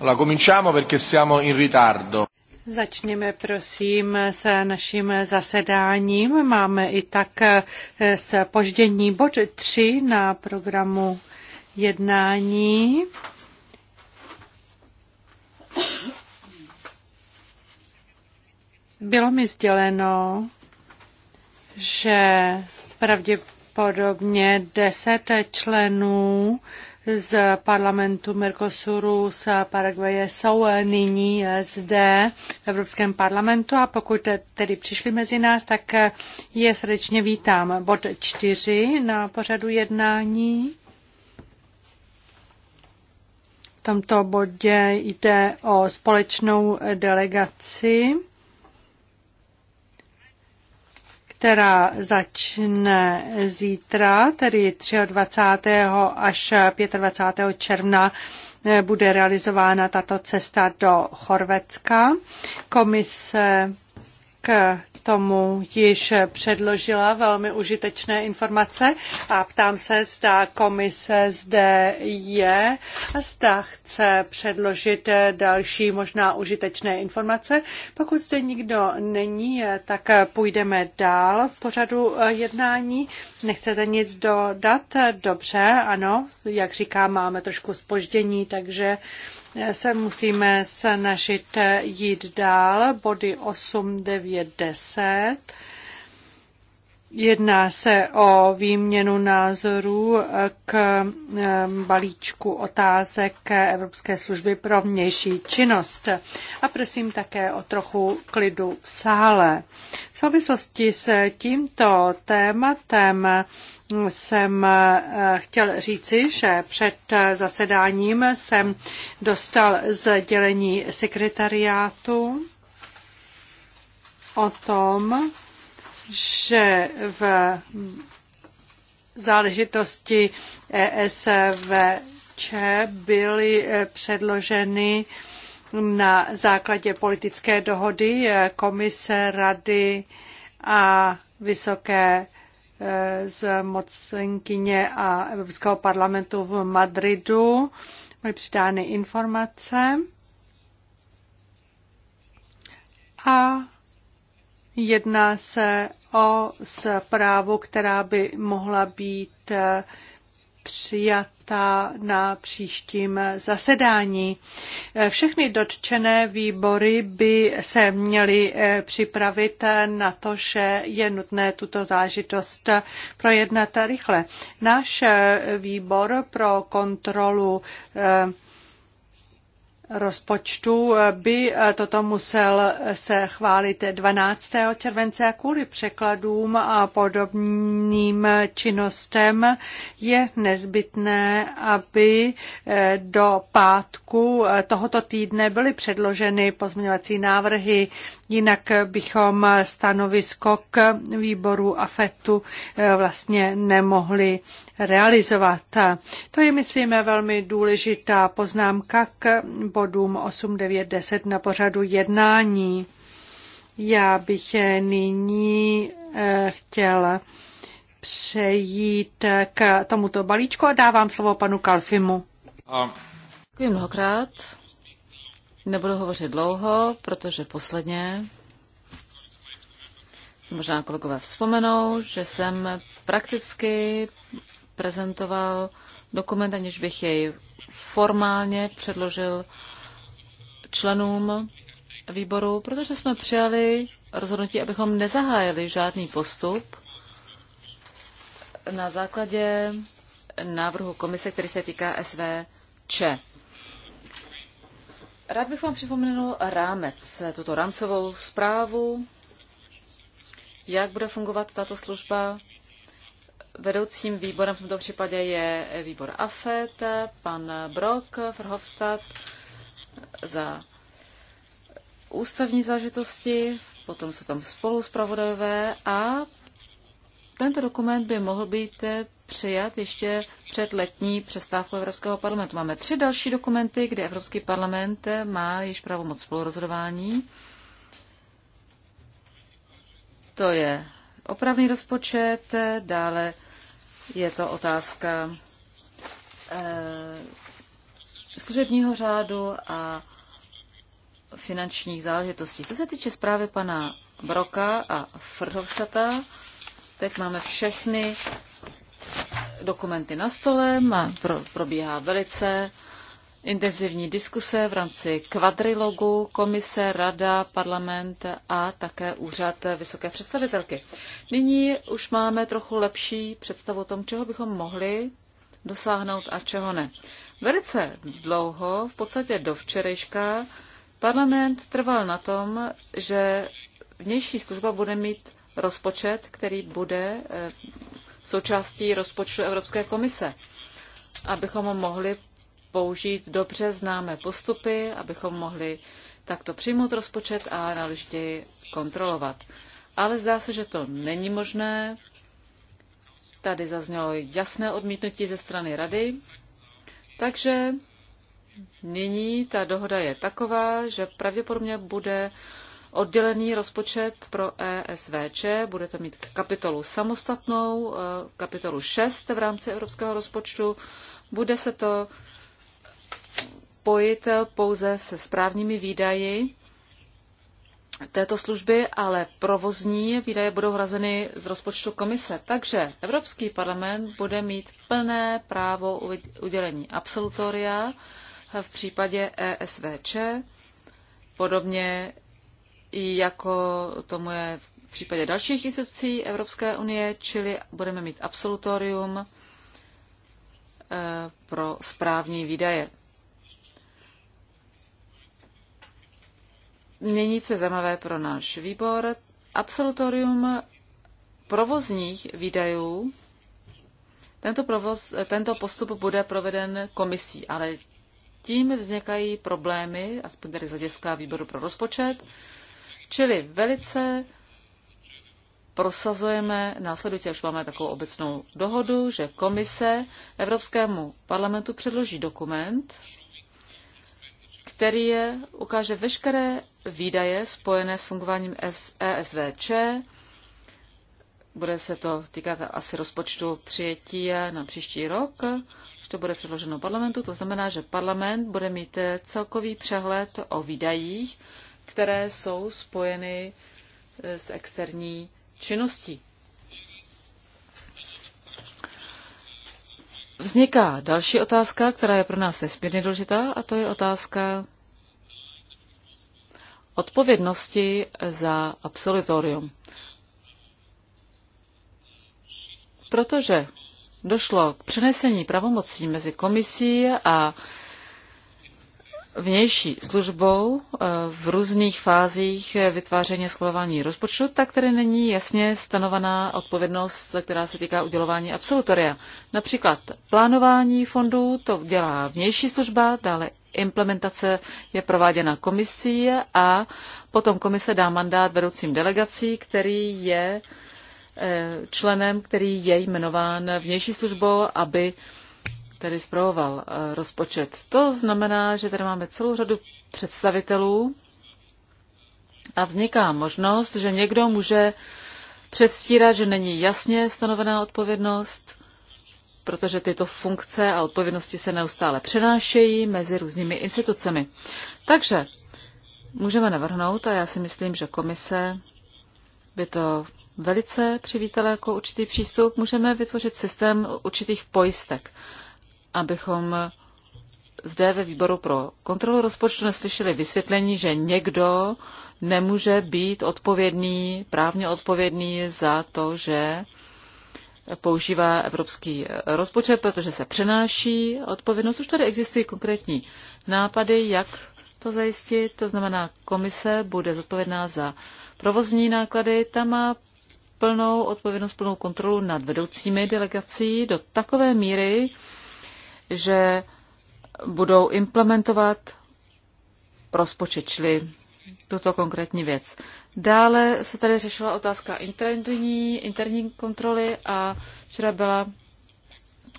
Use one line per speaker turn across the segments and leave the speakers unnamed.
Allora, cominciamo perché siamo in ritardo. Začněme prosím s naším zasedáním. Máme i tak s eh, poždění bod 3 na programu jednání. Bylo mi sděleno, že pravděpodobně 10 členů z parlamentu Mercosuru z Paraguaje jsou nyní zde v Evropském parlamentu a pokud tedy přišli mezi nás, tak je srdečně vítám. Bod čtyři na pořadu jednání. V tomto bodě jde o společnou delegaci která začne zítra, tedy 23. až 25. června bude realizována tato cesta do Chorvatska. Komise k tomu již předložila velmi užitečné informace a ptám se, zda komise zde je a zda chce předložit další možná užitečné informace. Pokud zde nikdo není, tak půjdeme dál v pořadu eh, jednání. Nechcete nic dodat? Dobře, ano, jak říkám, máme trošku spoždění, takže se musíme snažit jít dál, body 8, 9, 10 Jedná se o výměnu názorů k balíčku otázek Evropské služby pro vnější činnost. A prosím také o trochu klidu v sále. V souvislosti s tímto tématem jsem eh, chtěl říci, že před zasedáním jsem dostal sdělení sekretariátu o tom, že v záležitosti ESVČ byly eh, předloženy na základě politické dohody eh, komise, rady a vysoké eh, z mocenkyně a Evropského parlamentu v Madridu. Byly přidány informace a jedná se o zprávu, která by mohla být eh, přijata na příštím zasedání. Eh, všechny dotčené výbory by se měly eh, připravit na to, že je nutné tuto zážitost projednat rychle. Náš výbor pro kontrolu rozpočtu eh, by eh, toto musel eh, se chválit 12. července a kvůli překladům a podobným činnostem je nezbytné, aby do pátku tohoto týdne byly předloženy pozměňovací návrhy. Jinak bychom stanovisko k výboru AFETu eh, vlastně nemohli realizovat. To je, myslím, velmi důležitá poznámka k bodům 8, 9, 10 na pořadu jednání. Já bych nyní eh, chtěl přejít k tomuto balíčku a dávám slovo panu Kalfimu. A...
Děkuji mnohokrát. Nebudu hovořit dlouho, protože posledně si možná kolegové vzpomenou, že jsem prakticky prezentoval dokument, aniž bych jej formálně předložil členům výboru, protože jsme přijali rozhodnutí, abychom nezahájili žádný postup na základě návrhu komise, který se týká SVČ. Rád bych vám připomenul rámec, tuto rámcovou zprávu, jak bude fungovat tato služba. Vedoucím výborem v tomto případě je výbor AFET, pan Brok, Verhofstadt za ústavní zážitosti, potom jsou tam spolu zpravodajové a tento dokument by mohl být přijat ještě před letní přestávkou Evropského parlamentu. Máme tři další dokumenty, kde Evropský parlament má již pravomoc spolurozhodování. To je opravný rozpočet, dále je to otázka eh, služebního řádu a finančních záležitostí. Co se týče zprávy pana Broka a Frhovštata, teď máme všechny dokumenty na stole, pro, probíhá velice intenzivní diskuse v rámci kvadrilogu, komise, rada, parlament a také úřad vysoké představitelky. Nyní už máme trochu lepší představu o tom, čeho bychom mohli dosáhnout a čeho ne. Velice dlouho, v podstatě do včerejška, parlament trval na tom, že vnější služba bude mít rozpočet, který bude eh, součástí rozpočtu Evropské komise, abychom mohli použít dobře známé postupy, abychom mohli takto přijmout rozpočet a náležitě kontrolovat. Ale zdá se, že to není možné. Tady zaznělo jasné odmítnutí ze strany rady. Takže nyní ta dohoda je taková, že pravděpodobně bude oddělený rozpočet pro ESVČ, budete mít kapitolu samostatnou, eh, kapitolu 6 v rámci evropského rozpočtu. Bude se to pojit pouze se správními výdaji této služby, ale provozní výdaje budou hrazeny z rozpočtu komise. Takže Evropský parlament bude mít plné právo udělení absolutoria v případě ESVČ. Podobně i jako tomu je v případě dalších institucí Evropské unie, čili budeme mít absolutorium eh, pro správní výdaje. Nyní, co je zajímavé pro náš výbor, absolutorium provozních výdajů. Tento, provoz, tento postup bude proveden komisí, ale tím vznikají problémy, aspoň tedy z hlediska výboru pro rozpočet, Čili velice prosazujeme následující, už máme takovou obecnou dohodu, že komise Evropskému parlamentu předloží dokument, který je, ukáže veškeré výdaje spojené s fungováním ESVČ. Bude se to týkat asi rozpočtu přijetí na příští rok, když to bude předloženo parlamentu. To znamená, že parlament bude mít celkový přehled o výdajích, které jsou spojeny eh, s externí činností. Vzniká další otázka, která je pro nás nesmírně důležitá, a to je otázka odpovědnosti za absolutorium. Protože došlo k přenesení pravomocí mezi komisí a vnější službou eh, v různých fázích eh, vytváření a schvalování rozpočtu, tak tedy není jasně stanovaná odpovědnost, která se týká udělování absolutoria. Například plánování fondů to dělá vnější služba, dále implementace je prováděna komisí a potom komise dá mandát vedoucím delegací, který je eh, členem, který je jmenován vnější službou, aby tedy zpravoval eh, rozpočet. To znamená, že tady máme celou řadu představitelů a vzniká možnost, že někdo může předstírat, že není jasně stanovená odpovědnost, protože tyto funkce a odpovědnosti se neustále přenášejí mezi různými institucemi. Takže můžeme navrhnout, a já si myslím, že komise by to velice přivítala jako určitý přístup, můžeme vytvořit systém určitých pojistek abychom zde ve výboru pro kontrolu rozpočtu neslyšeli vysvětlení, že někdo nemůže být odpovědný, právně odpovědný za to, že používá evropský rozpočet, protože se přenáší odpovědnost. Už tady existují konkrétní nápady, jak to zajistit. To znamená, komise bude zodpovědná za provozní náklady, ta má plnou odpovědnost, plnou kontrolu nad vedoucími delegací do takové míry, že budou implementovat rozpočet, čili tuto konkrétní věc. Dále se tady řešila otázka interní, interní kontroly a včera byla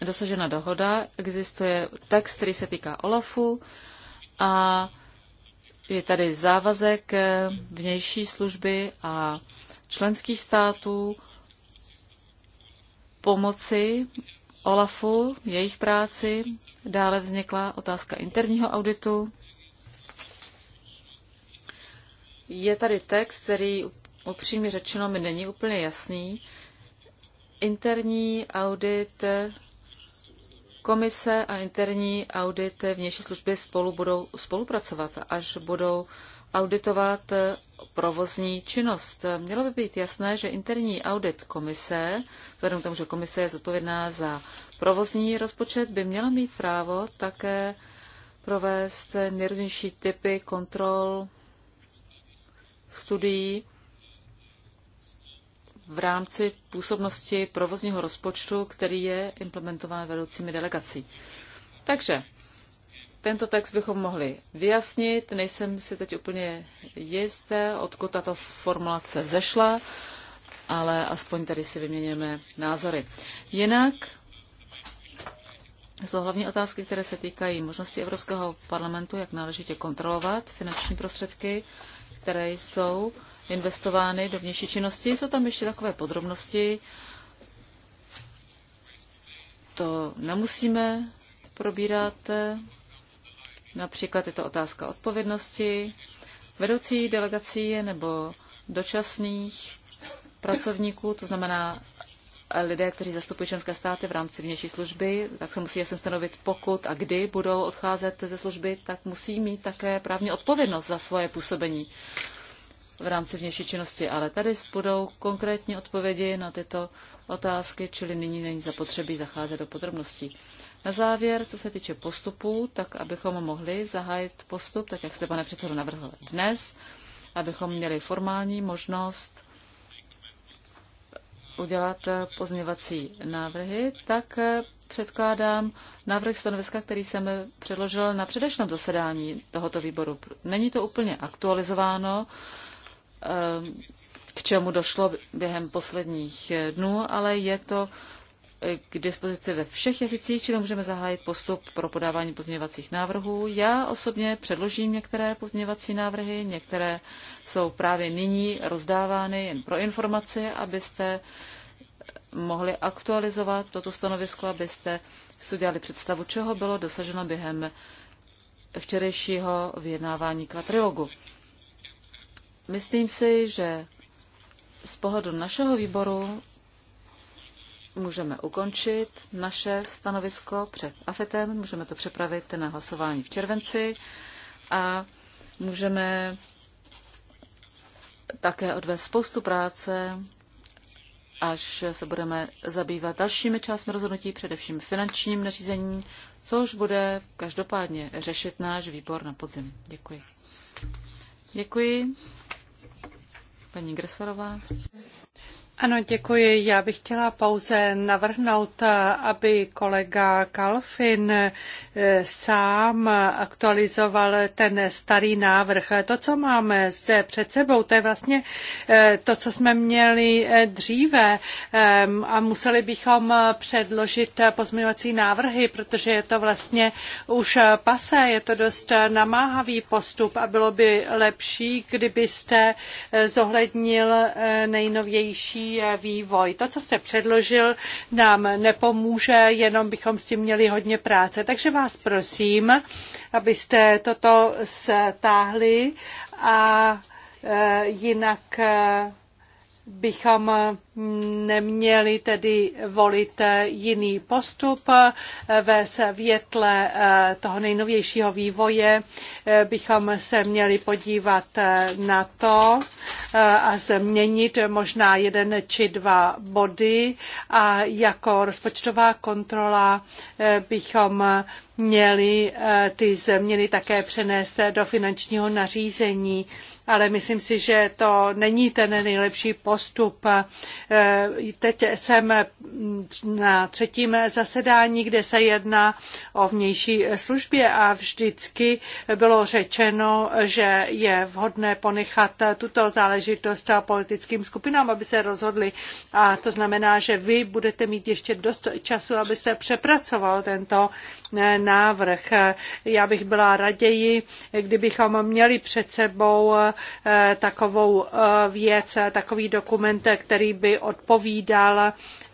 dosažena dohoda. Existuje text, který se týká OLAFu a je tady závazek vnější služby a členských států pomoci OLAFu, jejich práci. Dále vznikla otázka interního auditu. Je tady text, který upřímně řečeno mi není úplně jasný. Interní audit komise a interní audit vnější služby spolu budou spolupracovat, až budou auditovat provozní činnost. Mělo by být jasné, že interní audit komise, vzhledem k tomu, že komise je zodpovědná za provozní rozpočet, by měla mít právo také provést nejrůznější typy kontrol, studií v rámci působnosti provozního rozpočtu, který je implementován vedoucími delegací. Takže tento text bychom mohli vyjasnit, nejsem si teď úplně jisté, odkud tato formulace zešla, ale aspoň tady si vyměněme názory. Jinak jsou hlavní otázky, které se týkají možnosti Evropského parlamentu, jak náležitě kontrolovat finanční prostředky, které jsou investovány do vnější činnosti. Jsou tam ještě takové podrobnosti. To nemusíme probírat Například je to otázka odpovědnosti vedoucí delegací nebo dočasných pracovníků, to znamená lidé, kteří zastupují členské státy v rámci vnější služby, tak se musí jasně stanovit, pokud a kdy budou odcházet ze služby, tak musí mít také právní odpovědnost za svoje působení v rámci vnější činnosti. Ale tady budou konkrétní odpovědi na tyto otázky, čili nyní není zapotřebí zacházet do podrobností. Na závěr, co se týče postupu, tak abychom mohli zahájit postup, tak jak jste, pane předsedo, navrhl dnes, abychom měli formální možnost udělat pozměvací návrhy, tak předkládám návrh stanoviska, který jsem předložil na předešlém zasedání tohoto výboru. Není to úplně aktualizováno, eh, k čemu došlo během posledních dnů, ale je to k dispozici ve všech jazycích, čili můžeme zahájit postup pro podávání pozměňovacích návrhů. Já osobně předložím některé pozměňovací návrhy, některé jsou právě nyní rozdávány jen pro informaci, abyste mohli aktualizovat toto stanovisko, abyste si udělali představu, čeho bylo dosaženo během včerejšího vyjednávání kvatrilogu. Myslím si, že z pohledu našeho výboru můžeme ukončit naše stanovisko před AFETem, můžeme to přepravit na hlasování v červenci a můžeme také odvést spoustu práce, až se budeme zabývat dalšími částmi rozhodnutí, především finančním nařízením, což bude každopádně řešit náš výbor na podzim. Děkuji. Děkuji. Paní Gresarová.
Ano, děkuji.
Já bych chtěla pouze
navrhnout, eh, aby kolega Kalfin eh, sám aktualizoval ten starý návrh. To, co máme zde před sebou, to je vlastně eh, to, co jsme měli dříve a museli bychom předložit pozměňovací návrhy, protože je to vlastně už pase, je to dost namáhavý postup a bylo by lepší, kdybyste zohlednil nejnovější vývoj. To, co jste předložil, nám nepomůže, jenom bychom s tím měli hodně práce. Takže vás prosím, abyste toto stáhli a e, jinak e, bychom neměli tedy volit jiný postup. Ve světle eh, toho nejnovějšího vývoje eh, bychom se měli podívat eh, na to a změnit možná jeden či dva body a jako rozpočtová kontrola bychom měli ty změny také přenést do finančního nařízení ale myslím si, že to není ten nejlepší postup. E, teď jsem na třetím zasedání, kde se jedná o vnější službě a vždycky bylo řečeno, že je vhodné ponechat tuto záležitost a politickým skupinám, aby se rozhodli. A to znamená, že vy budete mít ještě dost času, abyste přepracoval tento e, návrh. Já bych byla raději, kdybychom měli před sebou Eh, takovou eh, věc, takový dokument, který by odpovídal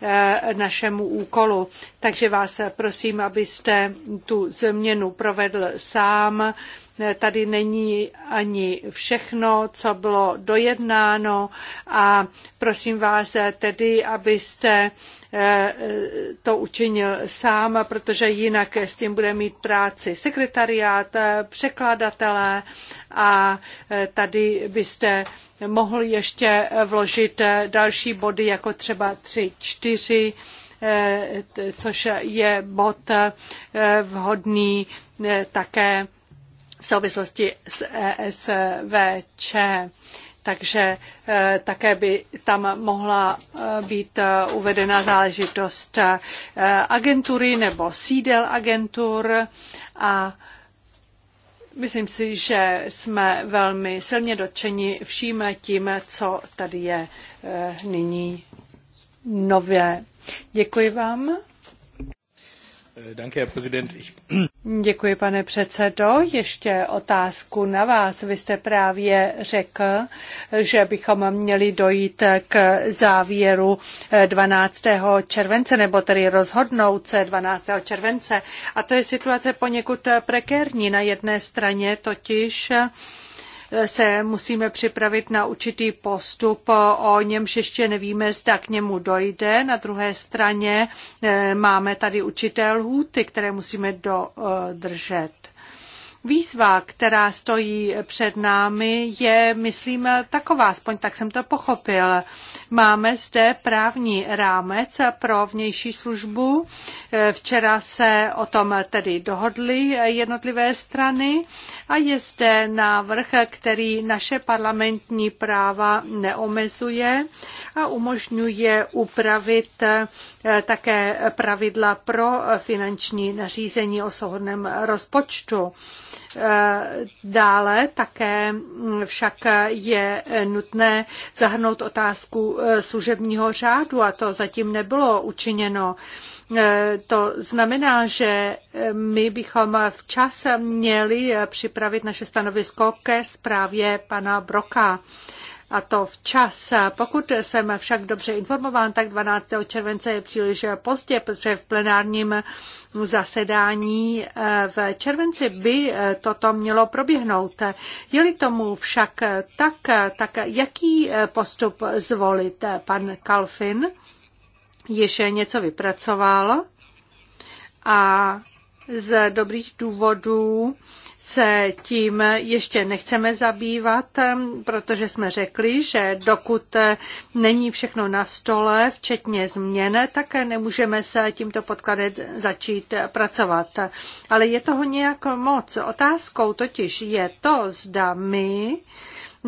eh, našemu úkolu. Takže vás prosím, abyste tu změnu provedl sám. Tady není ani všechno, co bylo dojednáno a prosím vás tedy, abyste Eh, to učinil sám, protože jinak s tím bude mít práci sekretariát, eh, překladatelé a eh, tady byste mohl ještě vložit další body, jako třeba tři, čtyři, což je bod vhodný také v souvislosti s ESVČ takže eh, také by tam mohla eh, být eh, uvedena záležitost agentury nebo sídel agentur a myslím si, že jsme velmi silně dotčeni vším tím, co tady je nyní nové. Děkuji vám. Děkuji, pane předsedo. Ještě otázku na vás. Vy jste právě řekl, že bychom měli dojít k závěru 12. Eh, července, nebo tedy rozhodnout se 12. července. A to je situace poněkud prekérní. Na jedné straně totiž se musíme připravit na určitý postup, o němž ještě nevíme, zda k němu dojde. Na druhé straně eh, máme tady určité lhůty, které musíme dodržet. Výzva, která stojí před námi, je, myslím, taková, aspoň tak jsem to pochopil. Máme zde právní rámec pro vnější službu. Eh, včera se o tom tedy dohodly jednotlivé strany a je zde návrh, který naše parlamentní práva neomezuje a umožňuje upravit eh, také pravidla pro finanční nařízení o souhodném rozpočtu. Eh, dále také mm, však je nutné zahrnout otázku eh, služebního řádu a to zatím nebylo učiněno. To znamená, že my bychom včas měli připravit naše stanovisko ke zprávě pana Broka a to včas. Pokud jsem však dobře informován, tak 12. července je příliš pozdě, protože v plenárním zasedání eh, v červenci by eh, toto mělo proběhnout. Je-li tomu však tak, tak jaký eh, postup zvolit pan Kalfin? ještě něco vypracoval a z dobrých důvodů se tím ještě nechceme zabývat, protože jsme řekli, že dokud není všechno na stole, včetně změn, tak nemůžeme se tímto podkladem začít pracovat. Ale je toho nějak moc. Otázkou totiž je to, zda my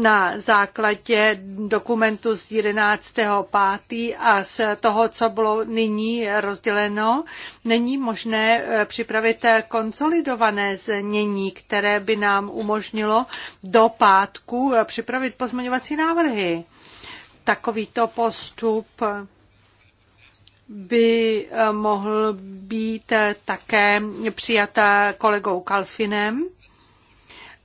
na základě dokumentu z 11.5. a z toho, co bylo nyní rozděleno, není možné eh, připravit eh, konsolidované znění, které by nám umožnilo do pátku eh, připravit pozměňovací návrhy. Takovýto postup by mohl být také přijata kolegou Kalfinem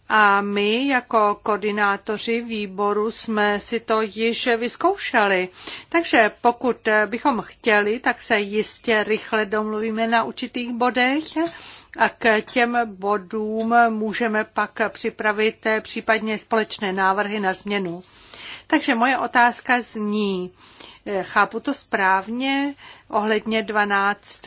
a my jako koordinátoři výboru jsme si to již vyzkoušeli. Takže pokud bychom chtěli, tak se jistě rychle domluvíme na určitých bodech a k těm bodům můžeme pak připravit případně společné návrhy na změnu. Takže moje otázka zní, chápu to správně ohledně 12.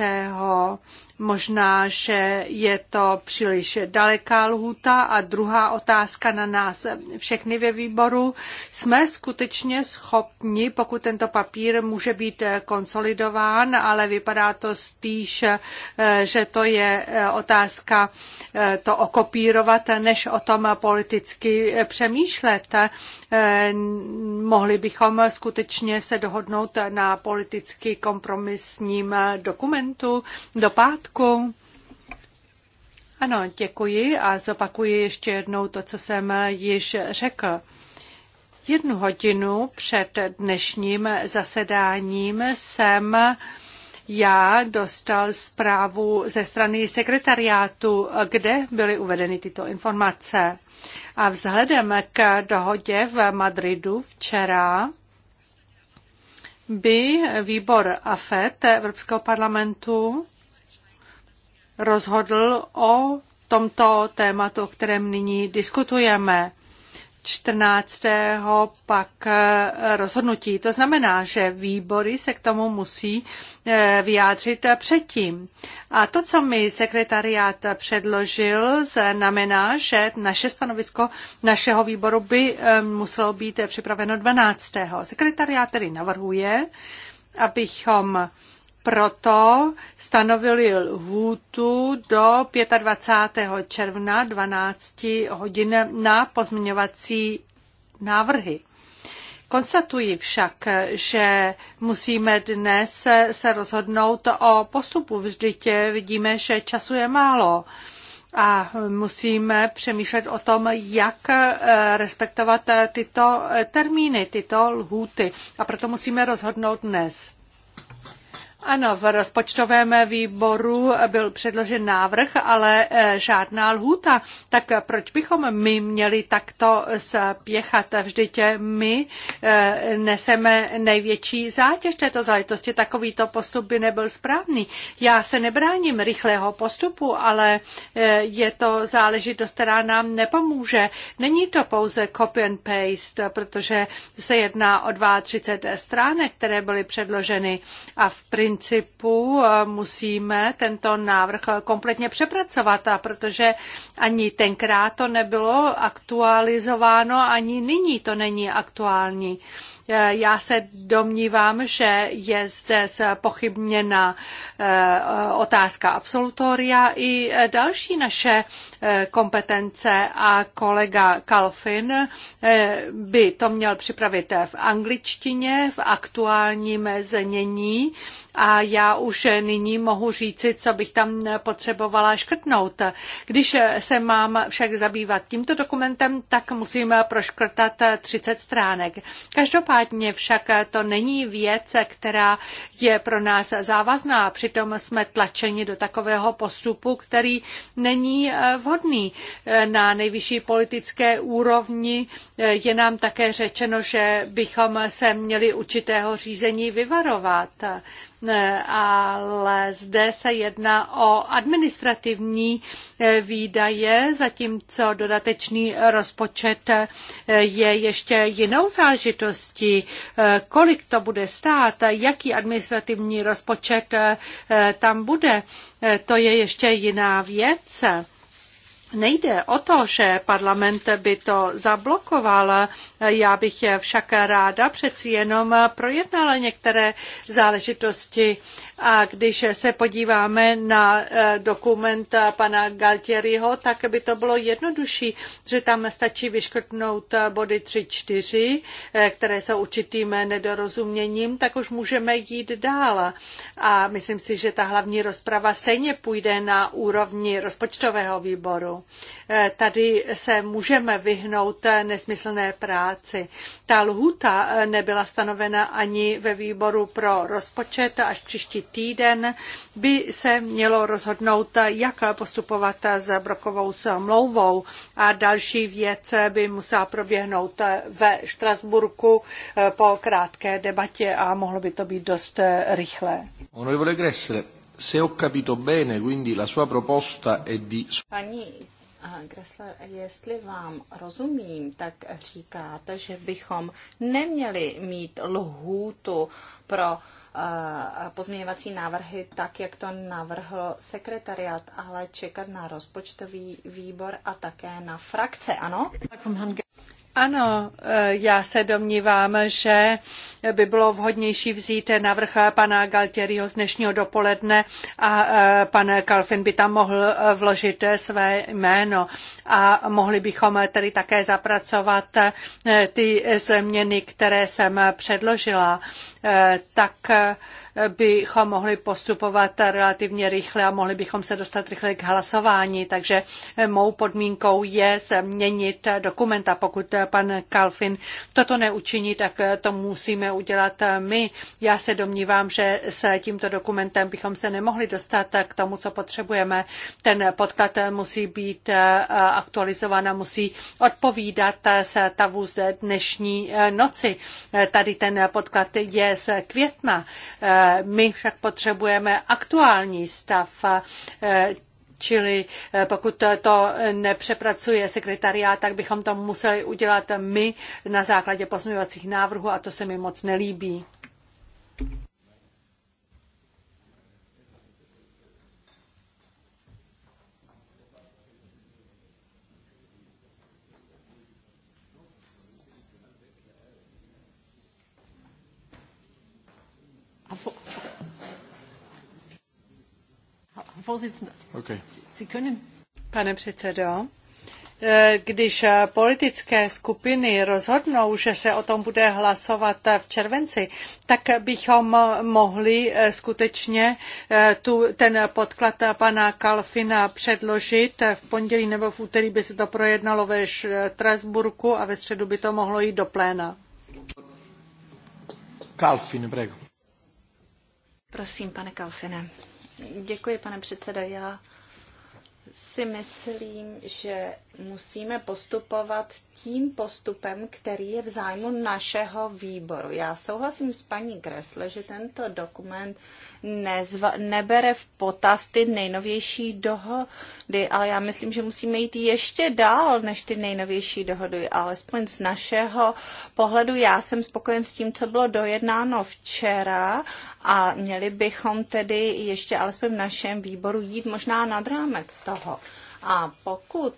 Možná, že je to příliš daleká lhůta. A druhá otázka na nás všechny ve výboru. Jsme skutečně schopni, pokud tento papír může být konsolidován, ale vypadá to spíš, eh, že to je eh, otázka eh, to okopírovat, než o tom politicky přemýšlet. Mohli bychom skutečně se dohodnout na politicky kompromisním dokumentu do pátku pořádku? Ano, děkuji a zopakuji ještě jednou to, co jsem již řekl. Jednu hodinu před dnešním zasedáním jsem já dostal zprávu ze strany sekretariátu, kde byly uvedeny tyto informace. A vzhledem k dohodě v Madridu včera by výbor AFET Evropského parlamentu rozhodl o tomto tématu, o kterém nyní diskutujeme. 14. pak eh, rozhodnutí. To znamená, že výbory se k tomu musí eh, vyjádřit předtím. A to, co mi sekretariát předložil, znamená, že naše stanovisko našeho výboru by eh, muselo být připraveno 12. Sekretariát tedy navrhuje, abychom proto stanovili lhůtu do 25. června 12 hodin na pozměňovací návrhy. Konstatuji však, že musíme dnes se rozhodnout o postupu. Vždyť vidíme, že času je málo a musíme přemýšlet o tom, jak eh, respektovat tyto termíny, tyto lhůty. A proto musíme rozhodnout dnes. Ano, v rozpočtovém výboru byl předložen návrh, ale eh, žádná lhůta. Tak proč bychom my měli takto spěchat? Vždyť my eh, neseme největší zátěž této záležitosti. Takovýto postup by nebyl správný. Já se nebráním rychlého postupu, ale eh, je to záležitost, která nám nepomůže. Není to pouze copy and paste, protože se jedná o 32 stránek, které byly předloženy a v print principu eh, musíme tento návrh eh, kompletně přepracovat, a protože ani tenkrát to nebylo aktualizováno, ani nyní to není aktuální. Eh, já se domnívám, že je zde pochybněna otázka absolutoria i další naše kompetence a kolega Kalfin by to měl připravit v angličtině, v aktuálním znění a já už nyní mohu říci, co bych tam potřebovala škrtnout. Když se mám však zabývat tímto dokumentem, tak musím proškrtat 30 stránek. Každopádně však to není věc, která je pro nás závazná. Přitom jsme tlačeni do takového postupu, který není vhodný. Na nejvyšší politické úrovni je nám také řečeno, že bychom se měli určitého řízení vyvarovat ale zde se jedná o administrativní eh, výdaje, zatímco dodatečný rozpočet eh, je ještě jinou záležitostí. Eh, kolik to bude stát, jaký administrativní rozpočet tam bude, to je ještě jiná věc. Nejde o to, že parlament by to zablokoval. Já bych však ráda přeci jenom projednala některé záležitosti. A když se podíváme na eh, dokument pana Galtieriho, tak by to bylo jednodušší, že tam stačí vyškrtnout body 3-4, eh, které jsou určitým nedorozuměním, tak už můžeme jít dál. A myslím si, že ta hlavní rozprava stejně půjde na úrovni rozpočtového výboru. Eh, tady se můžeme vyhnout eh, nesmyslné práci. Ta lhuta eh, nebyla stanovena ani ve výboru pro rozpočet. Až příští týden by se mělo rozhodnout, jak postupovat s brokovou smlouvou. A další věc by musela proběhnout ve Štrasburku po krátké debatě a mohlo by to být dost rychlé. Onorevole Gressle, se ho capito bene, quindi la sua proposta è di...
Paní Gressler, jestli vám rozumím, tak říkáte, že bychom neměli mít lhůtu pro eh, pozměňovací návrhy tak, jak to navrhl sekretariat, ale čekat na rozpočtový výbor a také na frakce, ano?
Ano, eh, já se domnívám, že by bylo vhodnější vzít návrh pana Galtieriho z dnešního dopoledne a eh, pan Kalfin by tam mohl eh, vložit své jméno a mohli bychom tedy také zapracovat ty změny, které jsem předložila. Eh, tak eh, bychom mohli postupovat relativně rychle a mohli bychom se dostat rychle k hlasování. Takže eh, mou podmínkou je změnit dokumenta. Pokud pan Kalfin toto neučiní, tak to musíme udělat my. Já se domnívám, že s tímto dokumentem bychom se nemohli dostat k tomu, co potřebujeme. Ten podklad musí být aktualizován a musí odpovídat stavu z dnešní noci. Tady ten podklad je z května. Eh, my však potřebujeme aktuální stav eh, Čili eh, pokud to nepřepracuje sekretariát, tak bychom to museli udělat my na základě pozměňovacích návrhů a to se mi moc nelíbí. Pane předsedo, eh, když eh, politické skupiny rozhodnou, že se o tom bude hlasovat eh, v červenci, tak bychom mohli skutečně tu, ten podklad pana Kalfina předložit. V pondělí nebo v úterý by se to projednalo ve Strasburku a ve středu by to mohlo jít do pléna.
Kalfin, prego.
Prosím, pane Kalfine. Děkuji, pane předsedající. Já si myslím, že musíme postupovat tím postupem, který je v zájmu našeho výboru. Já souhlasím s paní kresle, že tento dokument nezva, nebere v potaz ty nejnovější dohody, ale já myslím, že musíme jít ještě dál než ty nejnovější dohody, alespoň z našeho pohledu. Já jsem spokojen s tím, co bylo dojednáno včera a měli bychom tedy ještě alespoň v našem výboru jít možná nad rámec toho. A pokud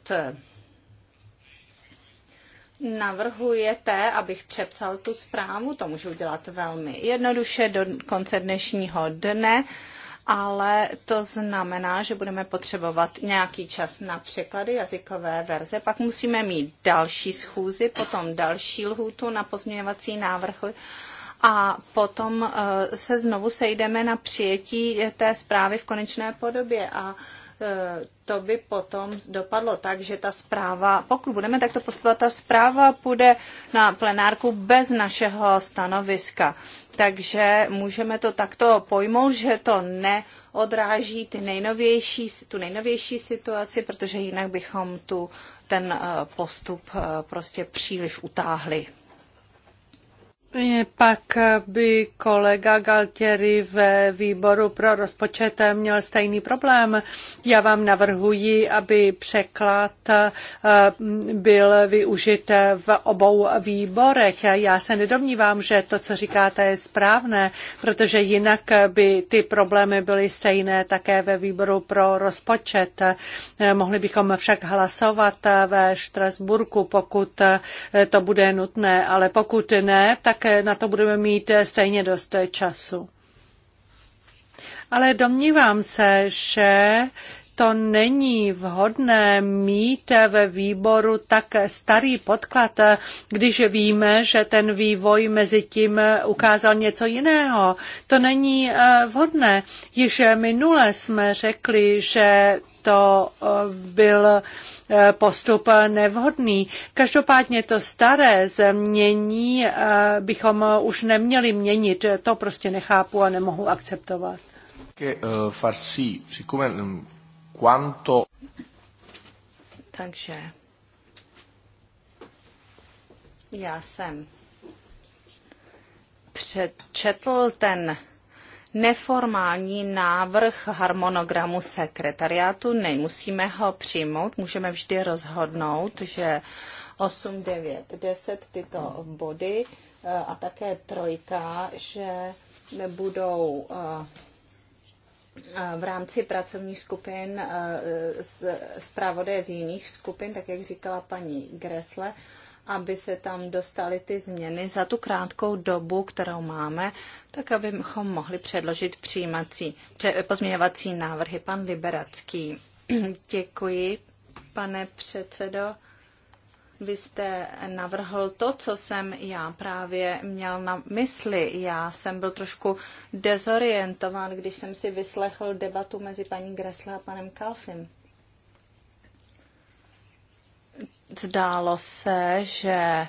navrhujete, abych přepsal tu zprávu? To můžu udělat velmi jednoduše do konce dnešního dne ale to znamená, že budeme potřebovat nějaký čas na překlady jazykové verze, pak musíme mít další schůzi, potom další lhůtu na pozměňovací návrhy a potom eh, se znovu sejdeme na přijetí té zprávy v konečné podobě a E, to by potom dopadlo tak, že ta zpráva, pokud budeme takto postupovat, ta zpráva půjde na plenárku bez našeho stanoviska. Takže můžeme to takto pojmout, že to ne odráží ty nejnovější, tu nejnovější situaci, protože jinak bychom tu ten e, postup e, prostě příliš utáhli.
Pak by kolega Galtieri ve výboru pro rozpočet měl stejný problém. Já vám navrhuji, aby překlad eh, byl využit v obou výborech. Já se nedomnívám, že to, co říkáte, je správné, protože jinak by ty problémy byly stejné také ve výboru pro rozpočet. Eh, mohli bychom však hlasovat eh, ve Štrasburku, pokud to bude nutné, ale pokud ne, tak tak na to budeme mít stejně dost času. Ale domnívám se, že to není vhodné mít ve výboru tak starý podklad, když víme, že ten vývoj mezi tím ukázal něco jiného. To není eh, vhodné. Již minule jsme řekli, že to eh, byl postup nevhodný. Každopádně to staré změní eh, bychom už neměli měnit. To prostě nechápu a nemohu akceptovat.
Eh, mm,
Takže já jsem přečetl ten neformální návrh harmonogramu sekretariátu. Nemusíme ho přijmout, můžeme vždy rozhodnout, že 8, 9, 10 tyto body eh, a také trojka, že nebudou eh, eh, v rámci pracovních skupin zpravodaje z jiných skupin, tak jak říkala paní Gresle, aby se tam dostaly ty změny za tu krátkou dobu, kterou máme, tak abychom mohli předložit přijímací, pozměňovací návrhy. Pan Liberacký. Děkuji, pane předsedo. Vy jste navrhl to, co jsem já právě měl na mysli. Já jsem byl trošku dezorientován, když jsem si vyslechl debatu mezi paní Gresle a panem Kalfim. zdálo se, že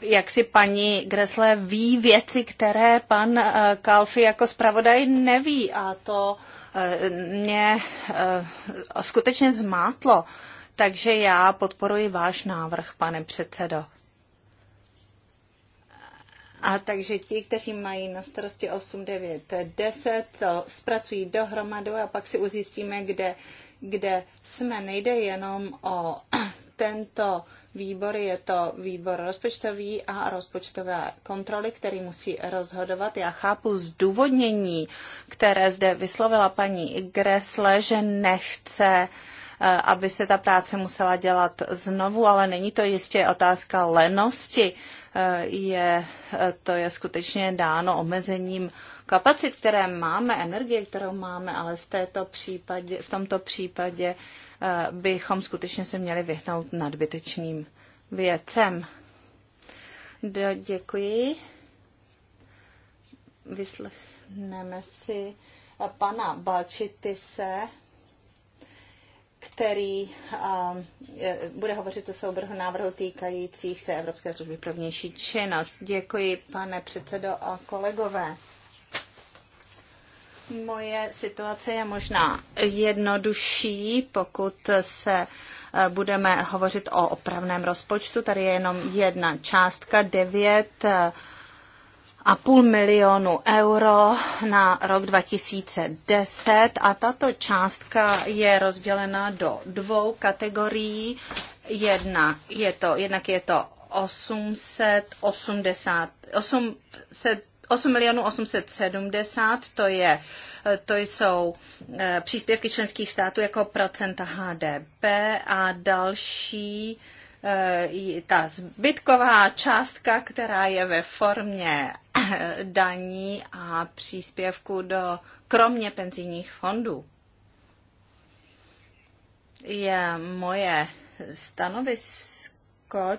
jak si paní Gresle ví věci, které pan eh, Kalfi jako zpravodaj neví a to eh, mě eh, skutečně zmátlo. Takže já podporuji váš návrh, pane předsedo. A takže ti, kteří mají na starosti 8, 9, 10, to zpracují dohromadu a pak si uzjistíme, kde, kde jsme. Nejde jenom o tento výbor, je to výbor rozpočtový a rozpočtové kontroly, který musí rozhodovat. Já chápu zdůvodnění, které zde vyslovila paní Gresle, že nechce eh, aby se ta práce musela dělat znovu, ale není to jistě otázka lenosti. Eh, je, eh, to je skutečně dáno omezením kapacit, které máme, energie, kterou máme, ale v, této případě, v tomto případě Eh, bychom skutečně se měli vyhnout nadbytečným věcem. Do, děkuji. Vyslechneme si pana Balčitise, který eh, bude hovořit o soubrhu návrhu týkajících se Evropské služby pro vnější činnost. Děkuji, pane předsedo a kolegové. Moje situace je možná jednodušší, pokud se eh, budeme hovořit o opravném rozpočtu. Tady je jenom jedna částka, 9,5 eh, a půl milionu euro na rok 2010 a tato částka je rozdělena do dvou kategorií. Jedna je to, jednak je to 880, 800 8 milionů 870, to, je, to jsou eh, příspěvky členských států jako procenta HDP a další eh, ta zbytková částka, která je ve formě daní a příspěvku do, kromě penzijních fondů, je moje stanovisko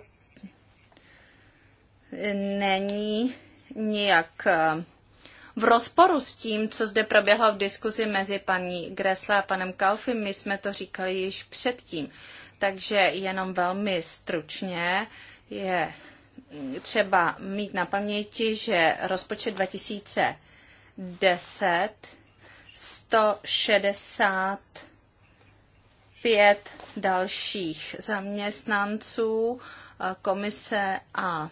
není nějak eh, v rozporu s tím, co zde proběhlo v diskuzi mezi paní Gresle a panem Kalfy. My jsme to říkali již předtím. Takže jenom velmi stručně je třeba mít na paměti, že rozpočet 2010 165 dalších zaměstnanců eh, komise a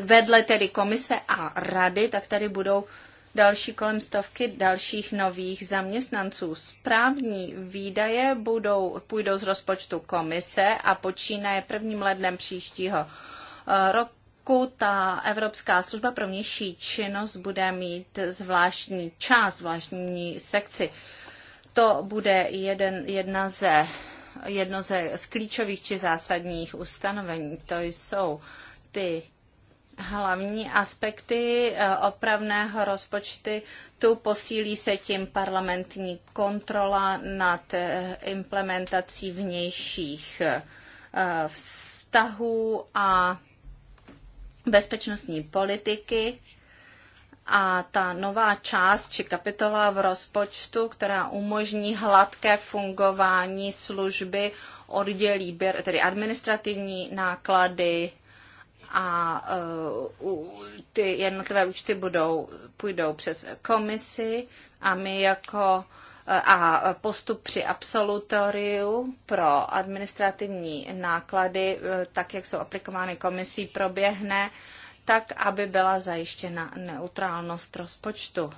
vedle tedy komise a rady, tak tady budou další kolem stovky dalších nových zaměstnanců. Správní výdaje budou, půjdou z rozpočtu komise a počínaje prvním lednem příštího eh, roku ta Evropská služba pro vnější činnost bude mít zvláštní část, zvláštní sekci. To bude jeden, jedna ze, jedno ze z klíčových či zásadních ustanovení. To jsou ty hlavní aspekty eh, opravného rozpočty. Tu posílí se tím parlamentní kontrola nad eh, implementací vnějších eh, vztahů a bezpečnostní politiky. A ta nová část či kapitola v rozpočtu, která umožní hladké fungování služby, oddělí tedy administrativní náklady a eh, ty jednotlivé účty budou, půjdou přes komisi a my jako eh, a postup při absolutoriu pro administrativní náklady, eh, tak jak jsou aplikovány komisí, proběhne tak, aby byla zajištěna neutrálnost rozpočtu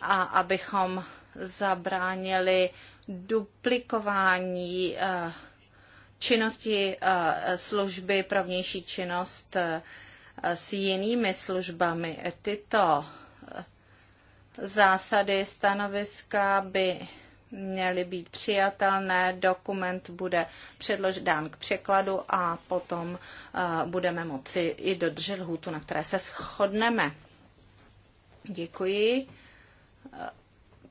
a abychom zabránili duplikování uh, činnosti eh, služby pro vnější činnost eh, s jinými službami. Tyto eh, zásady stanoviska by měly být přijatelné, dokument bude předložen k překladu a potom budeme moci i dodržet lhůtu, na které se shodneme. Děkuji.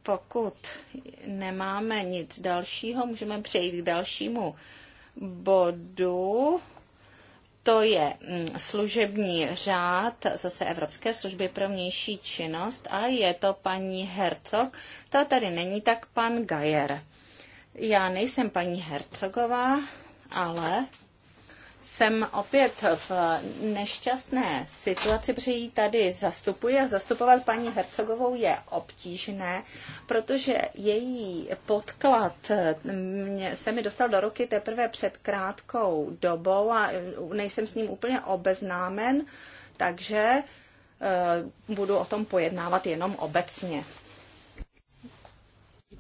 Pokud nemáme nic dalšího, můžeme přejít k dalšímu bodu, to je mm, služební řád zase Evropské služby pro vnější činnost a je to paní Hercog. To tady není, tak pan Gajer. Já nejsem paní Hercogová, ale jsem opět v nešťastné situaci, protože ji tady zastupuji a zastupovat paní Hercogovou je obtížné, protože její podklad se mi dostal do ruky teprve před krátkou dobou a nejsem s ním úplně obeznámen, takže eh, budu o tom pojednávat jenom obecně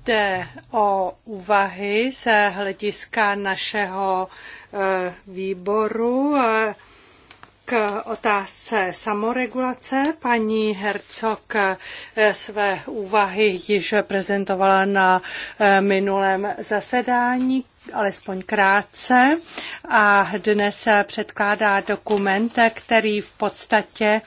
jde o úvahy
z hlediska našeho eh, výboru eh, k otázce samoregulace. Paní Hercok eh, své úvahy již prezentovala na minulém zasedání alespoň krátce a dnes předkládá dokument, který v podstatě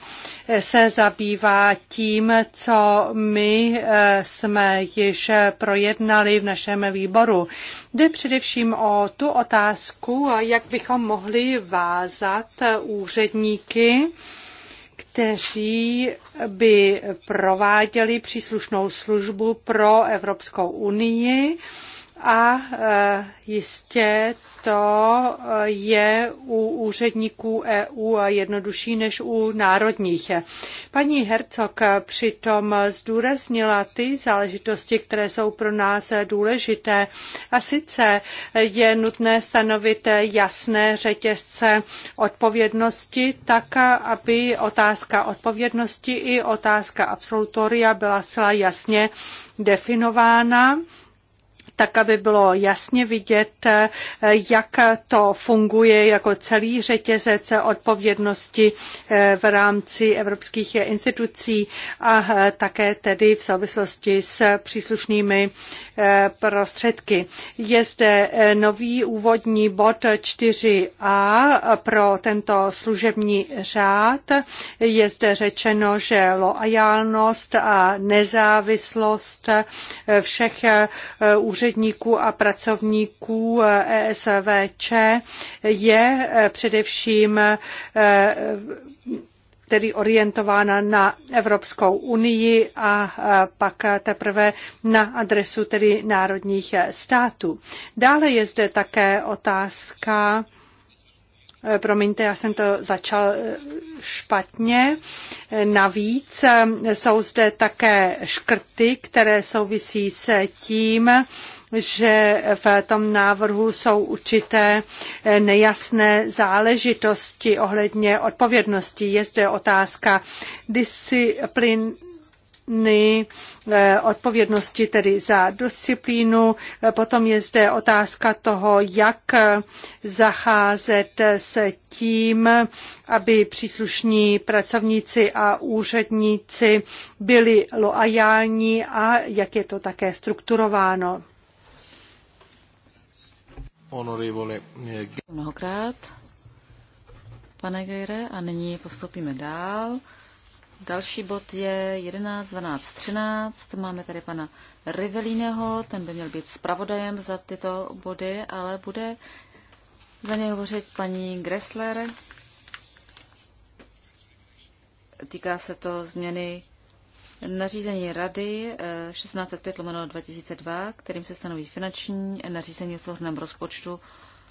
se zabývá tím, co my eh, jsme již projednali v našem výboru. Jde především o tu otázku, jak bychom mohli vázat úředníky, kteří by prováděli příslušnou službu pro Evropskou unii a e, jistě to e, je u úředníků EU jednodušší než u národních. Paní Hercog přitom zdůraznila ty záležitosti, které jsou pro nás důležité. A sice je nutné stanovit jasné řetězce odpovědnosti, tak aby otázka odpovědnosti i otázka absolutoria byla zcela jasně definována tak aby bylo jasně vidět, eh, jak to funguje jako celý řetězec odpovědnosti eh, v rámci evropských institucí a eh, také tedy v souvislosti s příslušnými prostředky. Je zde nový úvodní bod 4a pro tento služební řád. Je zde řečeno, že loajálnost a nezávislost všech úřadů úředníků a pracovníků ESVČ eh, e je eh, především eh, tedy orientována na Evropskou unii a pak teprve na adresu tedy národních států. Dále je zde také otázka Eh, promiňte, já jsem to začal eh, špatně. Eh, navíc jsou zde také škrty, které souvisí s tím, že v tom návrhu jsou určité nejasné záležitosti ohledně odpovědnosti. Je zde otázka disciplin dny eh, odpovědnosti tedy za disciplínu. Eh, potom je zde otázka toho, jak eh, zacházet s tím, aby příslušní pracovníci a úředníci byli loajální a jak je to také strukturováno.
Mnohokrát, pane Gejre, a nyní postupíme dál. Další bod je 11, 12, 13. Máme tady pana Rivelíneho, ten by měl být zpravodajem za tyto body, ale bude za něj hovořit paní Gressler. Týká se to změny nařízení Rady 1605 eh, 2002, kterým se stanoví finanční nařízení o rozpočtu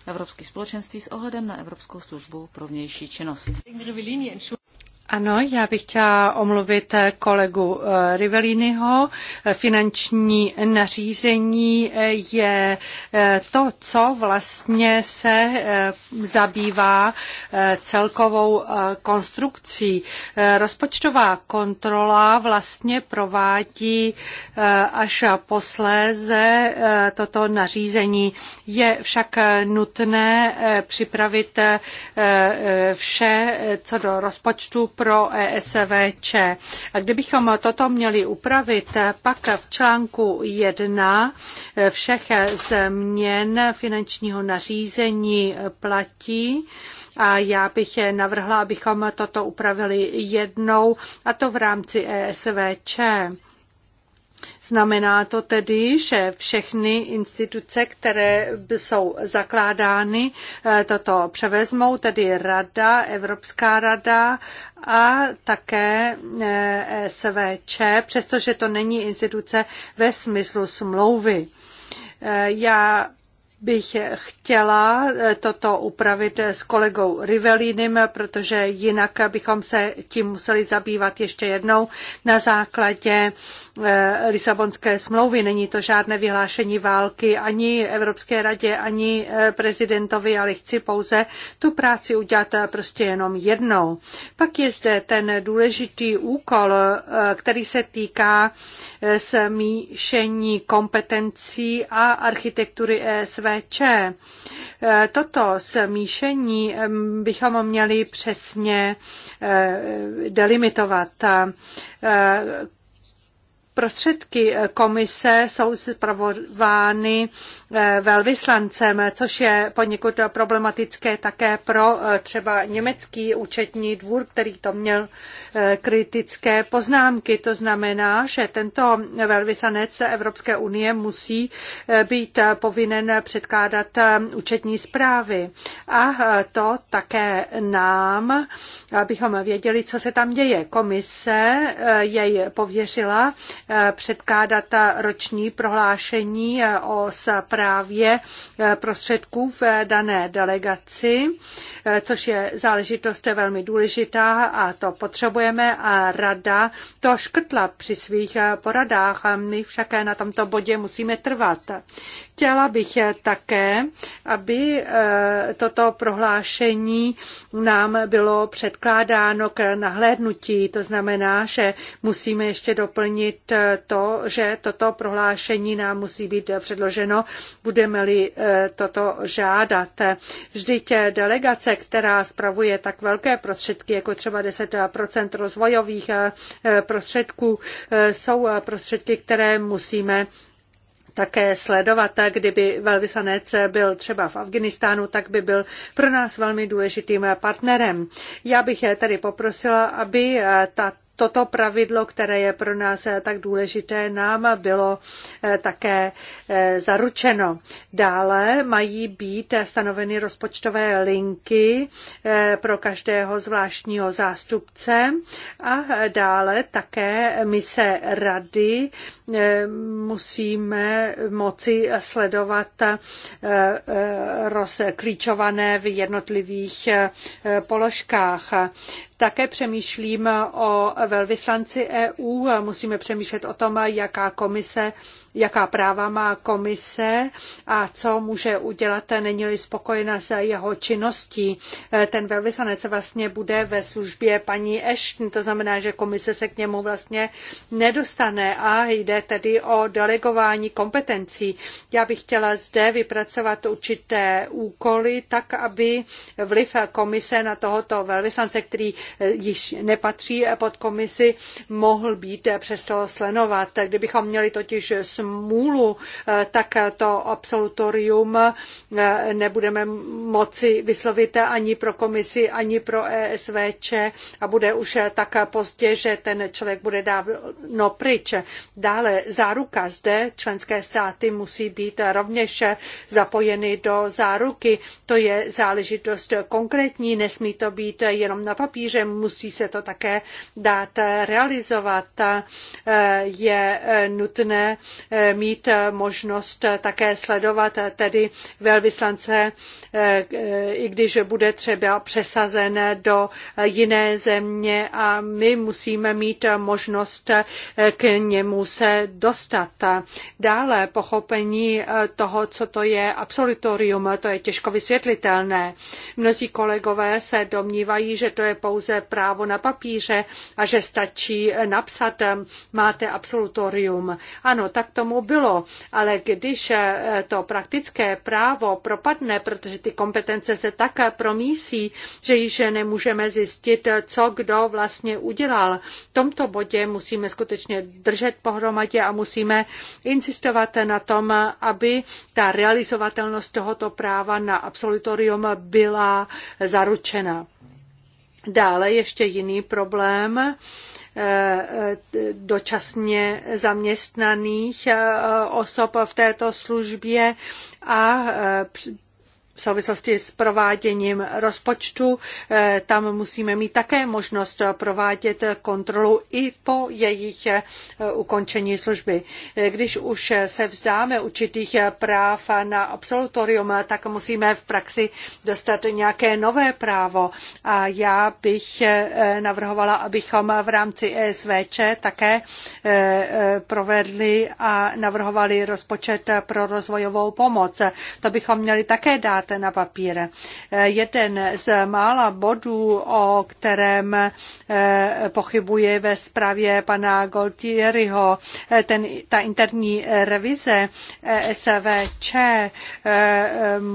Evropské společenství s ohledem na Evropskou službu pro vnější činnost.
Ano, já bych chtěla omluvit eh, kolegu eh, Riveliniho. Eh, finanční nařízení je to, co vlastně se zabývá celkovou konstrukcí. Rozpočtová kontrola vlastně provádí až posléze toto nařízení. Je však nutné připravit vše, co do rozpočtu pro ESVČ. A kdybychom toto měli upravit, pak v článku 1 všech změn finančního nařízení platí, a já bych je navrhla, abychom toto upravili jednou, a to v rámci ESVČ. Znamená to tedy, že všechny instituce, které jsou zakládány, eh, toto převezmou, tedy Rada, Evropská rada a také eh, SVČ, přestože to není instituce ve smyslu smlouvy. Eh, já bych chtěla toto upravit s kolegou Rivelínem, protože jinak bychom se tím museli zabývat ještě jednou na základě Eh, Lisabonské smlouvy. Není to žádné vyhlášení války ani Evropské radě, ani eh, prezidentovi, ale chci pouze tu práci udělat eh, prostě jenom jednou. Pak je zde ten důležitý úkol, který se týká smíšení kompetencí a architektury e SVČ. Toto smíšení bychom měli přesně delimitovat Prostředky eh, komise jsou zpravovány eh, velvyslancem, což je poněkud problematické také pro eh, třeba německý účetní dvůr, který to měl kritické poznámky. To znamená, že tento velvyslanec Evropské unie musí být povinen předkládat účetní zprávy. A to také nám, abychom věděli, co se tam děje. Komise jej pověřila Eh, předkládat roční prohlášení eh, o správě eh, prostředků v dané delegaci, což je záležitost velmi důležitá a to potřebujeme a rada to škrtla při svých poradách. My však na tomto bodě musíme trvat. Chtěla bych také, aby toto prohlášení nám bylo předkládáno k nahlédnutí. To znamená, že musíme ještě doplnit Eh, to, že toto prohlášení nám musí být předloženo, budeme-li eh, toto žádat. Vždyť eh, delegace, která spravuje tak velké prostředky, jako třeba 10 rozvojových prostředků, jsou prostředky, které musíme také sledovat. Kdyby velvyslanec byl třeba v Afghánistánu, tak by byl pro nás velmi důležitým partnerem. Já bych tedy poprosila, aby tato toto pravidlo, které je pro nás eh, tak důležité, nám bylo eh, také eh, zaručeno. Dále mají být stanoveny rozpočtové linky pro každého zvláštního zástupce a dále také mise rady musíme moci sledovat rozklíčované v jednotlivých položkách. Také přemýšlím o velvyslanci EU, musíme přemýšlet o tom, jaká komise jaká práva má komise a co může udělat, není-li spokojena s jeho činností. Eh, ten velvyslanec vlastně bude ve službě paní Ashton, to znamená, že komise se k němu vlastně nedostane a jde tedy o delegování kompetencí. Já bych chtěla zde vypracovat určité úkoly, tak aby vliv komise na tohoto velvyslance, který eh, již nepatří pod komisi, mohl být eh, přesto slenovat. Kdybychom měli totiž smlouvu, smůlu, eh, tak to absolutorium eh, nebudeme moci vyslovit ani pro komisi, ani pro ESVČ a bude už tak pozdě, že ten člověk bude dávno pryč. Dále záruka zde členské státy musí být rovněž zapojeny do záruky. To je záležitost konkrétní, nesmí to být jenom na papíře, musí se to také dát realizovat. Eh, je nutné Eh, mít možnost také sledovat tedy velvyslance, eh, eh, i když bude třeba přesazen do jiné země a my musíme mít možnost k němu se dostat. Dále pochopení toho, co to je absolutorium, to je těžko vysvětlitelné. Mnozí kolegové se domnívají, že to je pouze právo na papíře a že stačí napsat máte absolutorium. Ano, tak to tomu bylo. Ale když eh, to praktické právo propadne, protože ty kompetence se tak promísí, že již nemůžeme zjistit, co kdo vlastně udělal. V tomto bodě musíme skutečně držet pohromadě a musíme insistovat na tom, aby ta realizovatelnost tohoto práva na absolutorium byla zaručena. Dále ještě jiný problém Eh, dočasně zaměstnaných eh, osob v této službě a eh, v souvislosti s prováděním rozpočtu. Eh, tam musíme mít také možnost provádět kontrolu i po jejich eh, ukončení služby. Eh, když už se vzdáme určitých práv na absolutorium, tak musíme v praxi dostat nějaké nové právo. A já bych navrhovala, abychom v rámci ESVČ také provedli a navrhovali rozpočet pro rozvojovou pomoc. To bychom měli také dát dát na papír. Eh, jeden z mála bodů, o kterém eh, pochybuje ve zprávě pana Goltieriho, eh, ten, ta interní revize SVČ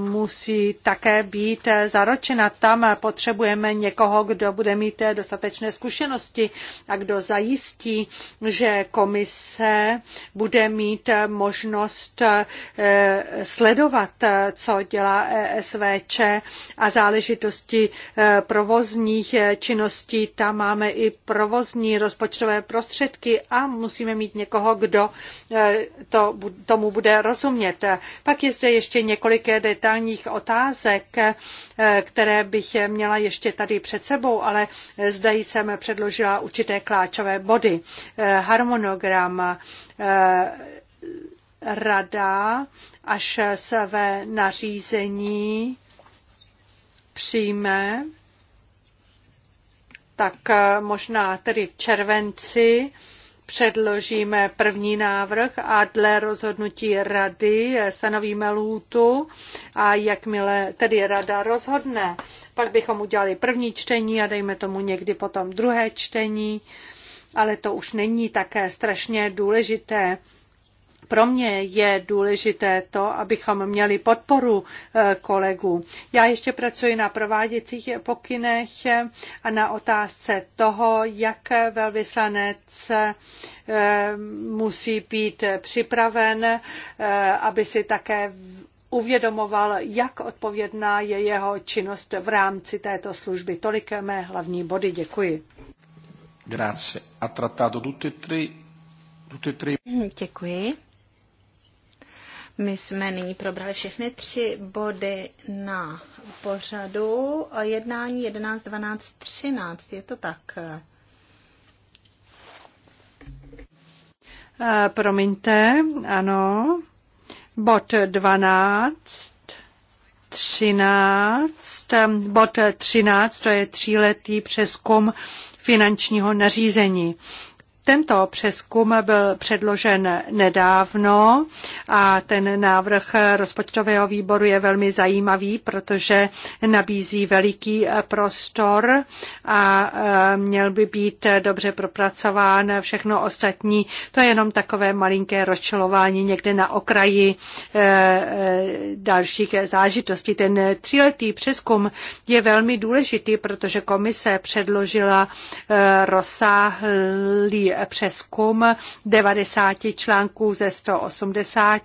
musí také být zaročena. Tam potřebujeme někoho, kdo bude mít dostatečné zkušenosti a kdo zajistí, že komise bude mít možnost sledovat, co dělá ESVČ a záležitosti e, provozních e, činností. Tam máme i provozní rozpočtové prostředky a musíme mít někoho, kdo e, to, tomu bude rozumět. Pak je zde ještě několik detailních otázek, které bych měla ještě tady před sebou, ale zde jsem předložila určité kláčové body. Harmonogram rada až se ve nařízení přijme, tak možná tedy v červenci předložíme první návrh a dle rozhodnutí rady stanovíme lůtu a jakmile tedy rada rozhodne, pak bychom udělali první čtení a dejme tomu někdy potom druhé čtení, ale to už není také strašně důležité. Pro mě je důležité to, abychom měli podporu eh, kolegů. Já ještě pracuji na prováděcích pokynech a na otázce toho, jak velvyslanec eh, musí být připraven, eh, aby si také uvědomoval, jak odpovědná je jeho činnost v rámci této služby. Tolik
mé hlavní body. Děkuji.
Grazie. A trattato tutti e tre, e tre.
Děkuji. My jsme nyní probrali všechny tři body na pořadu. Jednání 11, 12, 13, je to tak?
Uh, Promiňte, ano. Bod 12 13, bod 13, to je tříletý přeskum finančního nařízení. Tento přeskum byl předložen nedávno a ten návrh rozpočtového výboru je velmi zajímavý, protože nabízí veliký prostor a eh, měl by být dobře propracován všechno ostatní. To je jenom takové malinké rozčelování někde na okraji eh, eh, dalších zážitostí. Ten tříletý přeskum je velmi důležitý, protože komise předložila rozsáhlý přeskum 90 článků ze 180.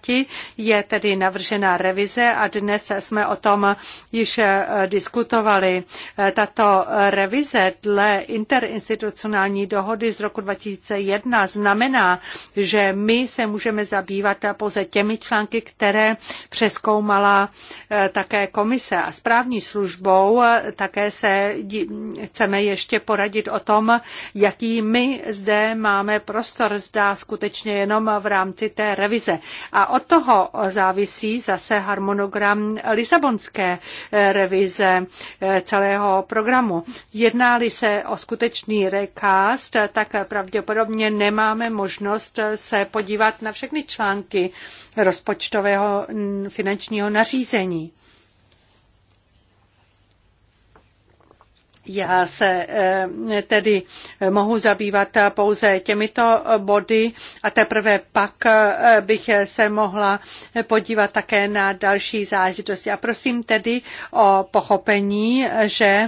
Je tedy navržena revize a dnes jsme o tom již eh, diskutovali. Eh, tato revize dle interinstitucionální dohody z roku 2001 znamená, že my se můžeme zabývat pouze těmi články, které přeskoumala eh, také komise a správní službou. Také se chceme ještě poradit o tom, jaký my zde máme prostor, zdá skutečně jenom v rámci té revize. A od toho závisí zase harmonogram Lisabonské eh, revize eh, celého programu. Jedná-li se o skutečný recast, tak pravděpodobně nemáme možnost eh, se podívat na všechny články rozpočtového mm, finančního nařízení. Já se eh, tedy eh, mohu zabývat eh, pouze těmito body a teprve pak bych se mohla podívat také na další zážitosti. A prosím tedy o pochopení, že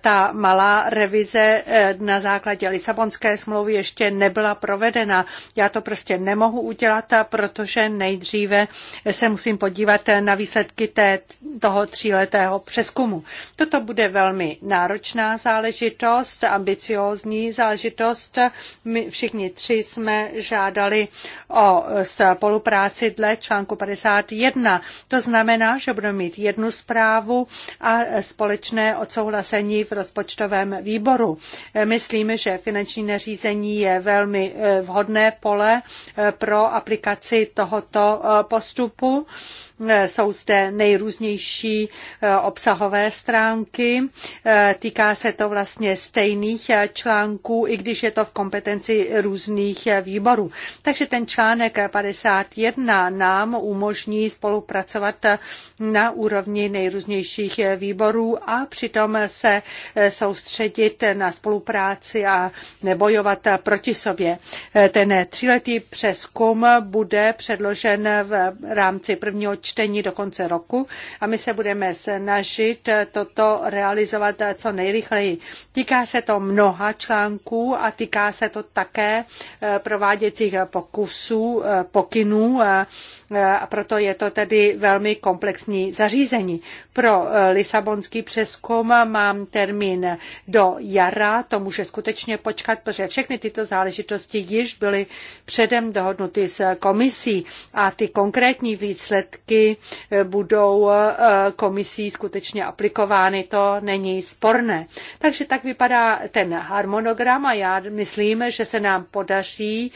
ta malá revize na základě Lisabonské smlouvy ještě nebyla provedena. Já to prostě nemohu udělat, protože nejdříve se musím podívat na výsledky té, toho tříletého přeskumu. Toto bude velmi náročné náročná záležitost, ambiciózní záležitost. My všichni tři jsme žádali o spolupráci dle článku 51. To znamená, že budeme mít jednu zprávu a společné odsouhlasení v rozpočtovém výboru. Myslíme, že finanční nařízení je velmi eh, vhodné pole eh, pro aplikaci tohoto eh, postupu. Eh, jsou zde nejrůznější eh, obsahové stránky. Eh, týká se to vlastně stejných článků, i když je to v kompetenci různých výborů. Takže ten článek 51 nám umožní spolupracovat na úrovni nejrůznějších výborů a přitom se soustředit na spolupráci a nebojovat proti sobě. Ten tříletý přeskum bude předložen v rámci prvního článku čtení do konce roku a my se budeme snažit toto realizovat co nejrychleji. Týká se to mnoha článků a týká se to také eh, prováděcích pokusů, eh, pokynů eh, E, a proto je to tedy velmi komplexní zařízení. Pro e, Lisabonský přeskum mám termín do jara, to může skutečně počkat, protože všechny tyto záležitosti již byly předem dohodnuty s komisí a ty konkrétní výsledky e, budou komisí skutečně aplikovány, to není sporné. Takže tak vypadá ten harmonogram a já myslím, že se nám podaří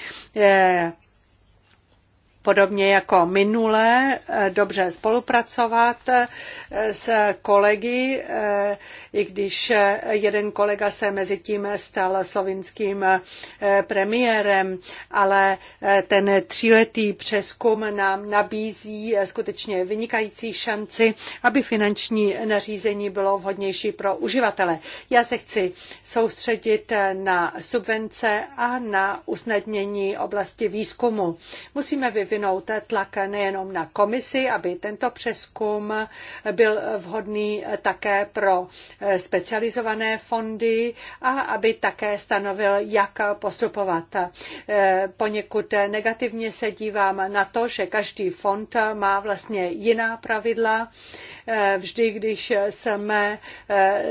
podobně jako minule eh, dobře spolupracovat eh, s kolegy, eh, i když jeden kolega se mezi tím stal slovinským premiérem, ale ten tříletý přeskum nám nabízí skutečně vynikající šanci, aby finanční nařízení bylo vhodnější pro uživatele. Já se chci soustředit na subvence a na usnadnění oblasti výzkumu. Musíme vyvinout vyvinout tlak nejenom na komisi, aby tento přeskum byl vhodný také pro eh, specializované fondy a aby také stanovil, jak postupovat. Eh, poněkud negativně se dívám na to, že každý fond má vlastně jiná pravidla. Eh, vždy, když jsme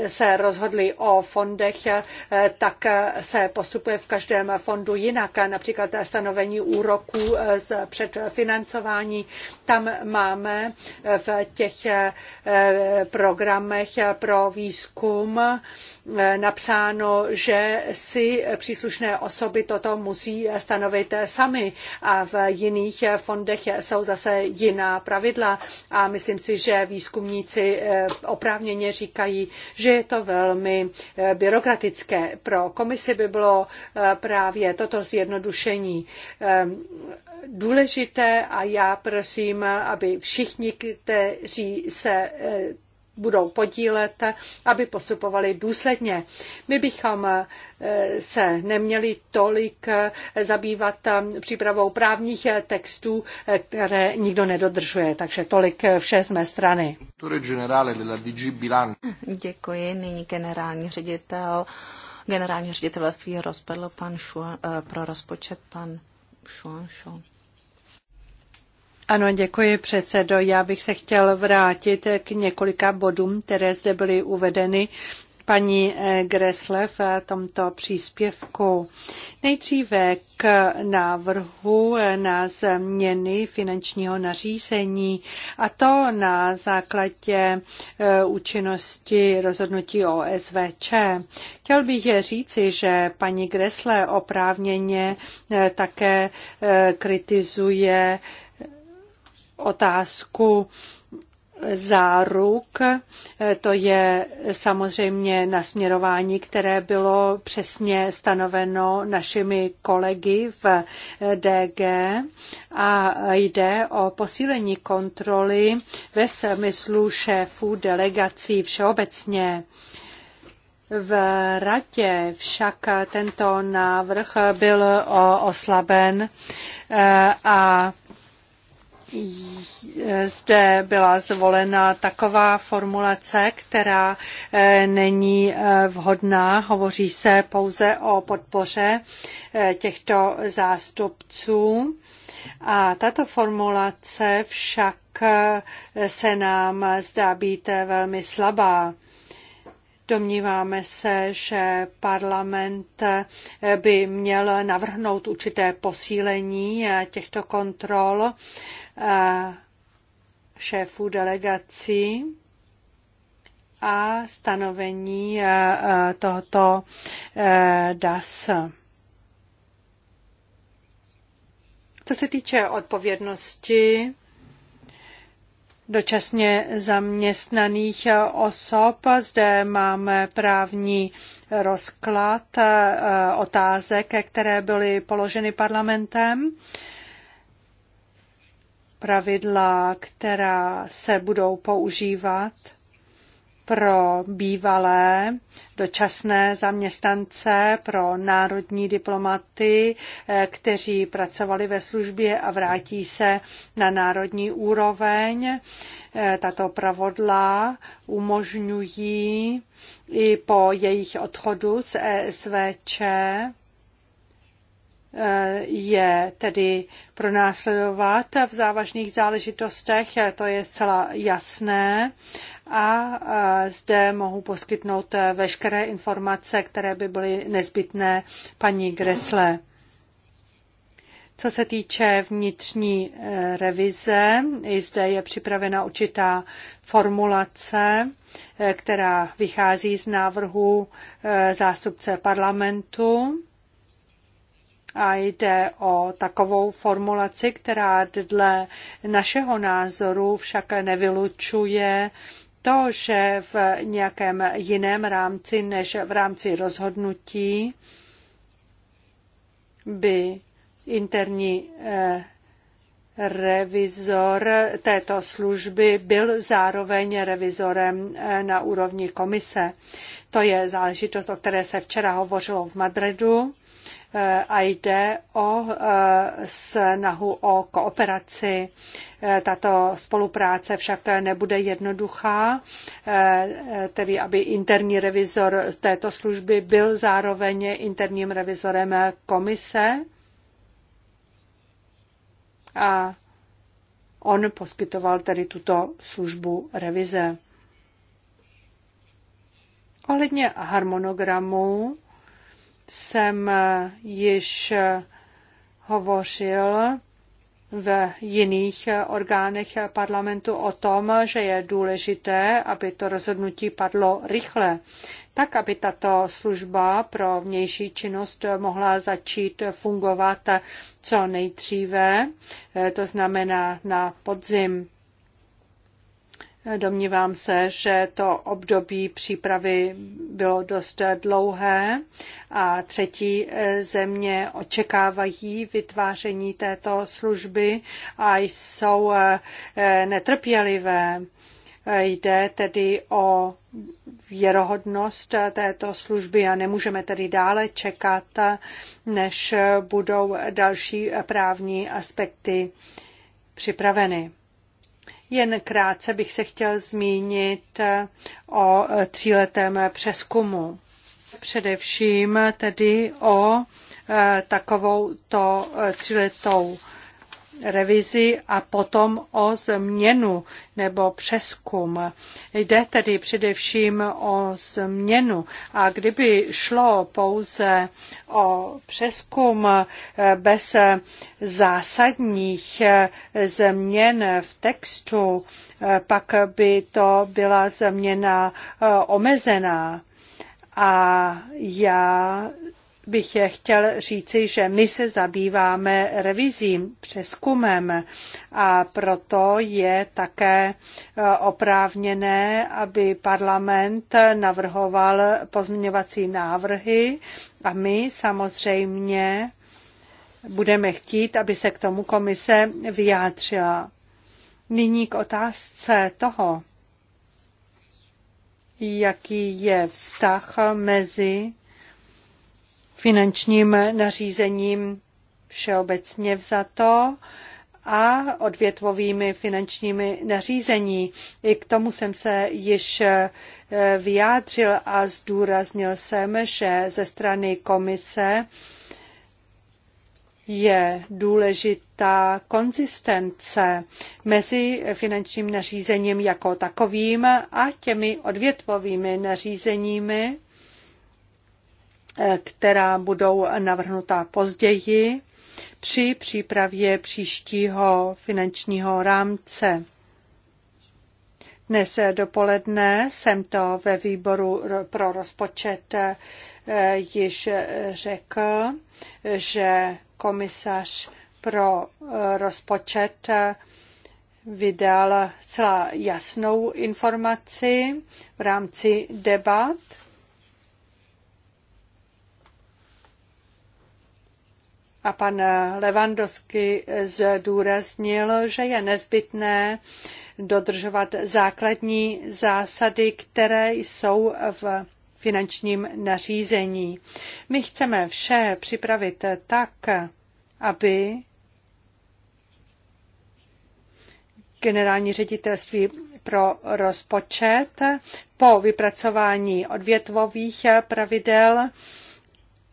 se rozhodli o fondech, tak se postupuje v každém fondu jinak. Například stanovení úroků z před Eh, financování. Tam máme eh, v těch eh, programech pro výzkum napsáno, že si příslušné osoby toto musí stanovit sami a v jiných fondech jsou zase jiná pravidla a myslím si, že výzkumníci oprávněně říkají, že je to velmi byrokratické. Pro komisi by bylo právě toto zjednodušení důležité a já prosím, aby všichni, kteří se eh, budou podílet, aby postupovali důsledně. My bychom eh, se neměli tolik eh, zabývat přípravou právních textů, které nikdo nedodržuje. Takže tolik vše z
mé strany. Děkuji. Nyní generální ředitel generální ředitelství rozpadl pan Šuan, pro rozpočet pan Šuan Šuan.
Ano, děkuji předsedo. Já bych se chtěl vrátit k několika bodům, které zde byly uvedeny paní eh, Gresle v eh, tomto příspěvku. Nejdříve k návrhu eh, na změny finančního nařízení a to na základě účinnosti rozhodnutí o SVČ. Chtěl bych říci, že paní Gresle oprávněně také kritizuje otázku záruk. To je samozřejmě nasměrování, které bylo přesně stanoveno našimi kolegy v DG a jde o posílení kontroly ve smyslu šéfů delegací všeobecně. V radě však tento návrh byl oslaben eh, a zde byla zvolena taková formulace, která eh, není eh, vhodná. Hovoří se pouze o podpoře eh, těchto zástupců. A tato formulace však se nám zdá být velmi slabá. Domníváme se, že parlament eh, by měl navrhnout určité posílení eh, těchto kontrol eh, šéfů delegací a stanovení tohoto DAS. Co se týče odpovědnosti, dočasně zaměstnaných osob. Zde máme právní rozklad eh, otázek, které byly položeny parlamentem. Pravidla, která se budou používat pro bývalé dočasné zaměstnance, pro národní diplomaty, eh, kteří pracovali ve službě a vrátí se na národní úroveň. Eh, tato pravodla umožňují i po jejich odchodu z ESVČ je tedy pronásledovat v závažných záležitostech, to je zcela jasné. A zde mohu poskytnout veškeré informace, které by byly nezbytné paní Gresle. Co se týče vnitřní eh, revize, i zde je připravena určitá formulace, eh, která vychází z návrhu eh, zástupce parlamentu a jde o takovou formulaci, která dle našeho názoru však nevylučuje to, že v nějakém jiném rámci než v rámci rozhodnutí by interní eh, revizor této služby byl zároveň revizorem eh, na úrovni komise. To je záležitost, o které se včera hovořilo v Madridu a jde o eh, snahu o kooperaci. Eh, tato spolupráce však nebude jednoduchá, eh, tedy aby interní revizor z této služby byl zároveň interním revizorem komise. A on poskytoval tedy tuto službu revize. Ohledně harmonogramu jsem eh, již eh, hovořil v jiných eh, orgánech parlamentu o tom, že je důležité, aby to rozhodnutí padlo rychle, tak aby tato služba pro vnější činnost mohla začít fungovat co nejdříve, to znamená na podzim. Domnívám se, že to období přípravy bylo dost dlouhé a třetí eh, země očekávají vytváření této služby a jsou eh, eh, netrpělivé. Jde tedy o věrohodnost této služby a nemůžeme tedy dále čekat, než budou další právní aspekty připraveny. Jen krátce bych se chtěl zmínit eh, o eh, tříletém přeskumu. Především tedy o eh, takovou to tříletou revizi a potom o změnu nebo přeskum. Jde tedy především o změnu. A kdyby šlo pouze o přeskum eh, bez zásadních eh, změn v textu, eh, pak by to byla změna omezená. A já bych chtěl říci, že my se zabýváme revizí, přeskumem a proto je také e, oprávněné, aby parlament navrhoval pozměňovací návrhy a my samozřejmě budeme chtít, aby se k tomu komise vyjádřila. Nyní k otázce toho, jaký je vztah mezi finančním nařízením všeobecně vzato a odvětvovými finančními nařízení. I k tomu jsem se již eh, vyjádřil a zdůraznil jsem, že ze strany komise je důležitá konzistence mezi finančním nařízením jako takovým a těmi odvětvovými nařízeními Eh, která budou navrhnutá později při přípravě příštího finančního rámce. Dnes dopoledne jsem to ve výboru pro rozpočet eh, již řekl, že komisař pro eh, rozpočet vydal celá jasnou informaci v rámci debat A pan Levandovský zdůraznil, že je nezbytné dodržovat základní zásady, které jsou v finančním nařízení. My chceme vše připravit tak, aby generální ředitelství pro rozpočet po vypracování odvětvových pravidel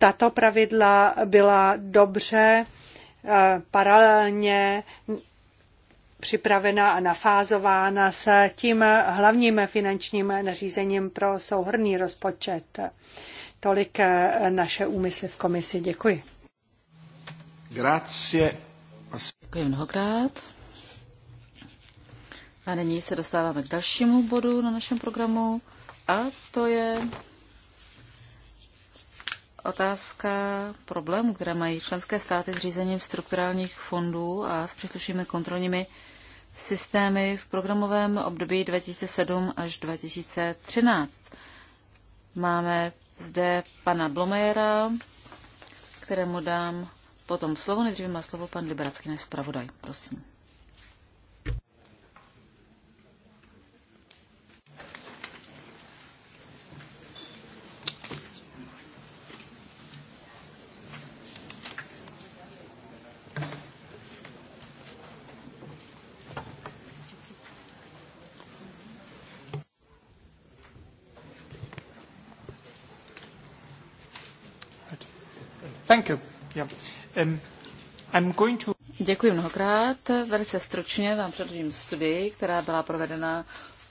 tato pravidla byla dobře eh, paralelně připravena a nafázována s tím hlavním finančním nařízením pro souhrný rozpočet. Tolik eh, naše úmysly v komisi. Děkuji.
Grazie. Děkuji mnohokrát. A nyní se dostáváme k dalšímu bodu na našem programu a to je otázka problémů, které mají členské státy s řízením strukturálních fondů a s příslušnými kontrolními systémy v programovém období 2007 až 2013. Máme zde pana Blomejera, kterému dám potom slovo. Nejdříve má slovo pan Liberacký, než zpravodaj. Prosím. Um, Děkuji mnohokrát. Velice stručně vám předložím studii, která byla provedena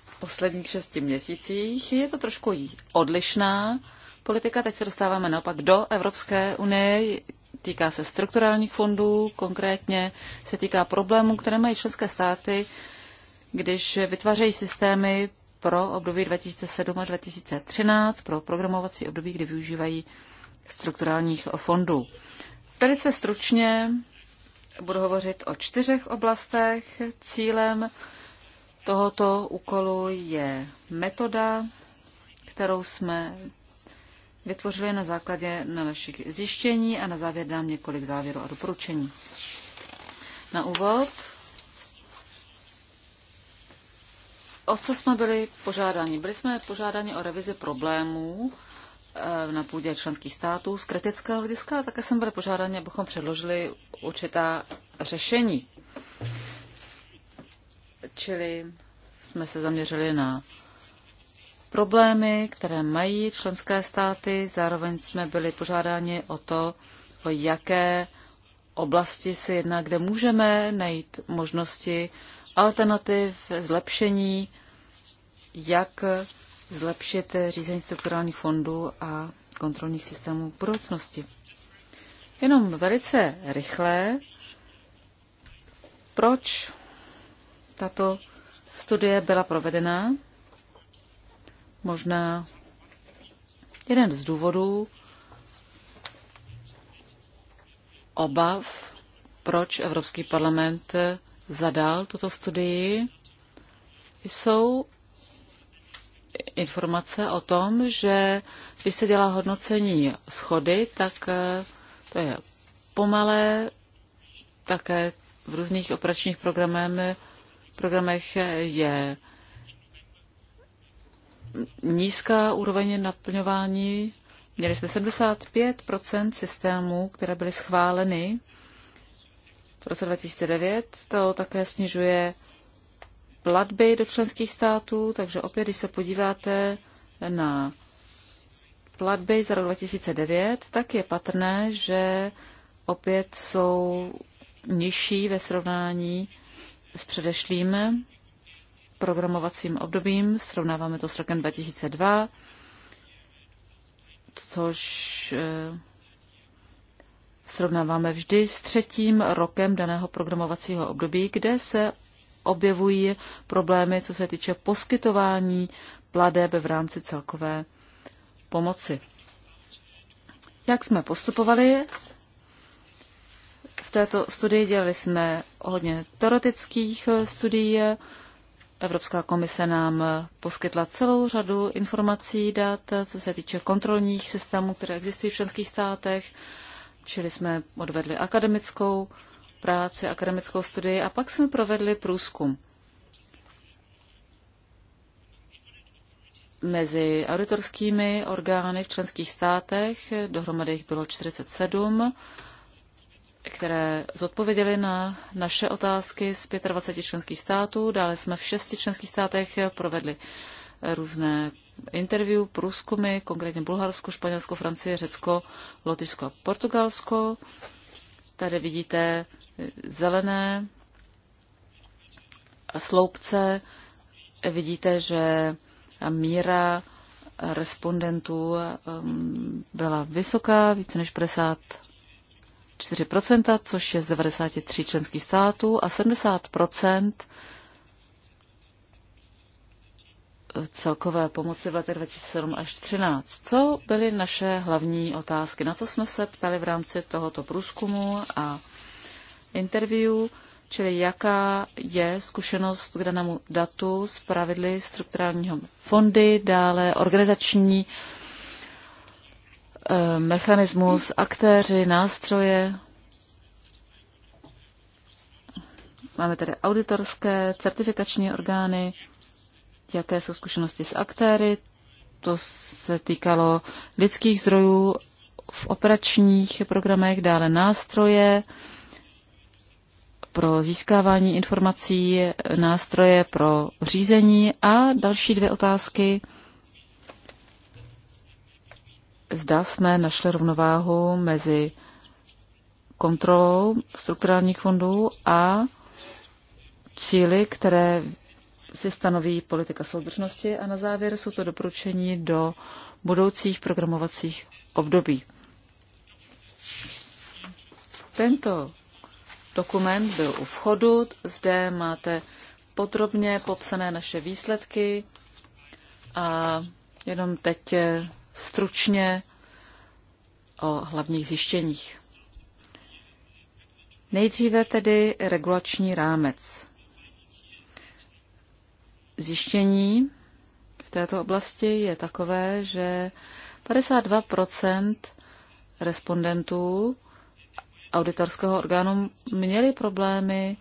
v posledních šesti měsících. Je to trošku odlišná politika. Teď se dostáváme naopak do Evropské unie. Týká se strukturálních fondů, konkrétně se týká problémů, které mají členské státy, když vytvářejí systémy pro období 2007 až 2013, pro programovací období, kdy využívají strukturálních fondů. Velice stručně budu hovořit o čtyřech oblastech. Cílem tohoto úkolu je metoda, kterou jsme vytvořili na základě na našich zjištění a na závěr dám několik závěrů a doporučení. Na úvod, o co jsme byli požádáni? Byli jsme požádáni o revizi problémů, Eh, na půdě členských států z kritického hlediska a také jsem byli požádáni, abychom předložili určitá řešení. Čili jsme se zaměřili na problémy, které mají členské státy, zároveň jsme byli požádáni o to, o jaké oblasti se jedná, kde můžeme najít možnosti alternativ, zlepšení, jak zlepšit eh, řízení strukturálních fondů a kontrolních systémů v budoucnosti. Jenom velice rychle, proč tato studie byla provedena? Možná jeden z důvodů obav, proč Evropský parlament eh, zadal tuto studii, jsou informace o tom, že když se dělá hodnocení schody, tak eh, to je pomalé, také v různých operačních programech, je nízká úroveň naplňování. Měli jsme 75 systémů, které byly schváleny v roce 2009. To také snižuje platby do členských států, takže opět, když se podíváte na platby za rok 2009, tak je patrné, že opět jsou nižší ve srovnání s předešlým programovacím obdobím. Srovnáváme to s rokem 2002, což eh, srovnáváme vždy s třetím rokem daného programovacího období, kde se objevují problémy, co se týče poskytování pladeb v rámci celkové pomoci. Jak jsme postupovali? V této studii dělali jsme hodně teoretických studií. Evropská komise nám poskytla celou řadu informací, dat, co se týče kontrolních systémů, které existují v členských státech, čili jsme odvedli akademickou práci, akademickou studii a pak jsme provedli průzkum mezi auditorskými orgány v členských státech, dohromady jich bylo 47, které zodpověděly na naše otázky z 25 členských států. Dále jsme v šesti členských státech provedli různé interview, průzkumy, konkrétně Bulharsko, Španělsko, Francie, Řecko, Lotyšsko a Portugalsko. Tady vidíte eh, zelené sloupce. Vidíte, že míra respondentů ehm, byla vysoká, více než 4%, což je z 93 členských států a 70% celkové pomoci v letech 2007 až 2013. Co byly naše hlavní otázky? Na co jsme se ptali v rámci tohoto průzkumu a interview, čili jaká je zkušenost k danému datu z pravidly strukturálního fondy, dále organizační eh, mechanismus, aktéři, nástroje. Máme tady auditorské, certifikační orgány, jaké jsou zkušenosti s aktéry. To se týkalo lidských zdrojů v operačních programech, dále nástroje pro získávání informací, nástroje pro řízení a další dvě otázky. Zda jsme našli rovnováhu mezi kontrolou strukturálních fondů a cíly, které si stanoví politika soudržnosti a na závěr jsou to doporučení do budoucích programovacích období. Tento dokument byl u vchodu, zde máte podrobně popsané naše výsledky a jenom teď stručně o hlavních zjištěních. Nejdříve tedy regulační rámec zjištění v této oblasti je takové, že 52 respondentů auditorského orgánu měli problémy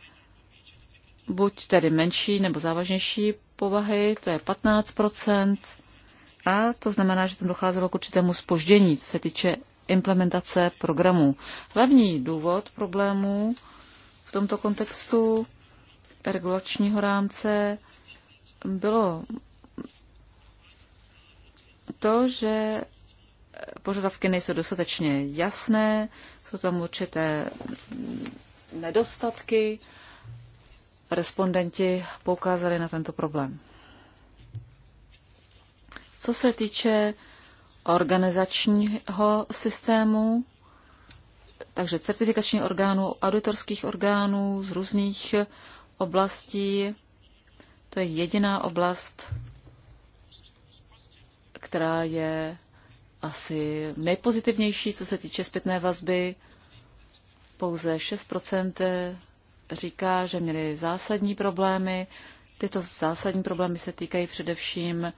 buď tedy menší nebo závažnější povahy, to je 15 a to znamená, že tam docházelo k určitému spoždění, co se týče implementace programů. Hlavní důvod problémů v tomto kontextu regulačního rámce bylo to, že požadavky nejsou dostatečně jasné, jsou tam určité nedostatky. Respondenti poukázali na tento problém. Co se týče organizačního systému, takže certifikačních orgánů, auditorských orgánů z různých oblastí, to je jediná oblast, která je asi nejpozitivnější, co se týče zpětné vazby. Pouze 6% říká, že měli zásadní problémy. Tyto zásadní problémy se týkají především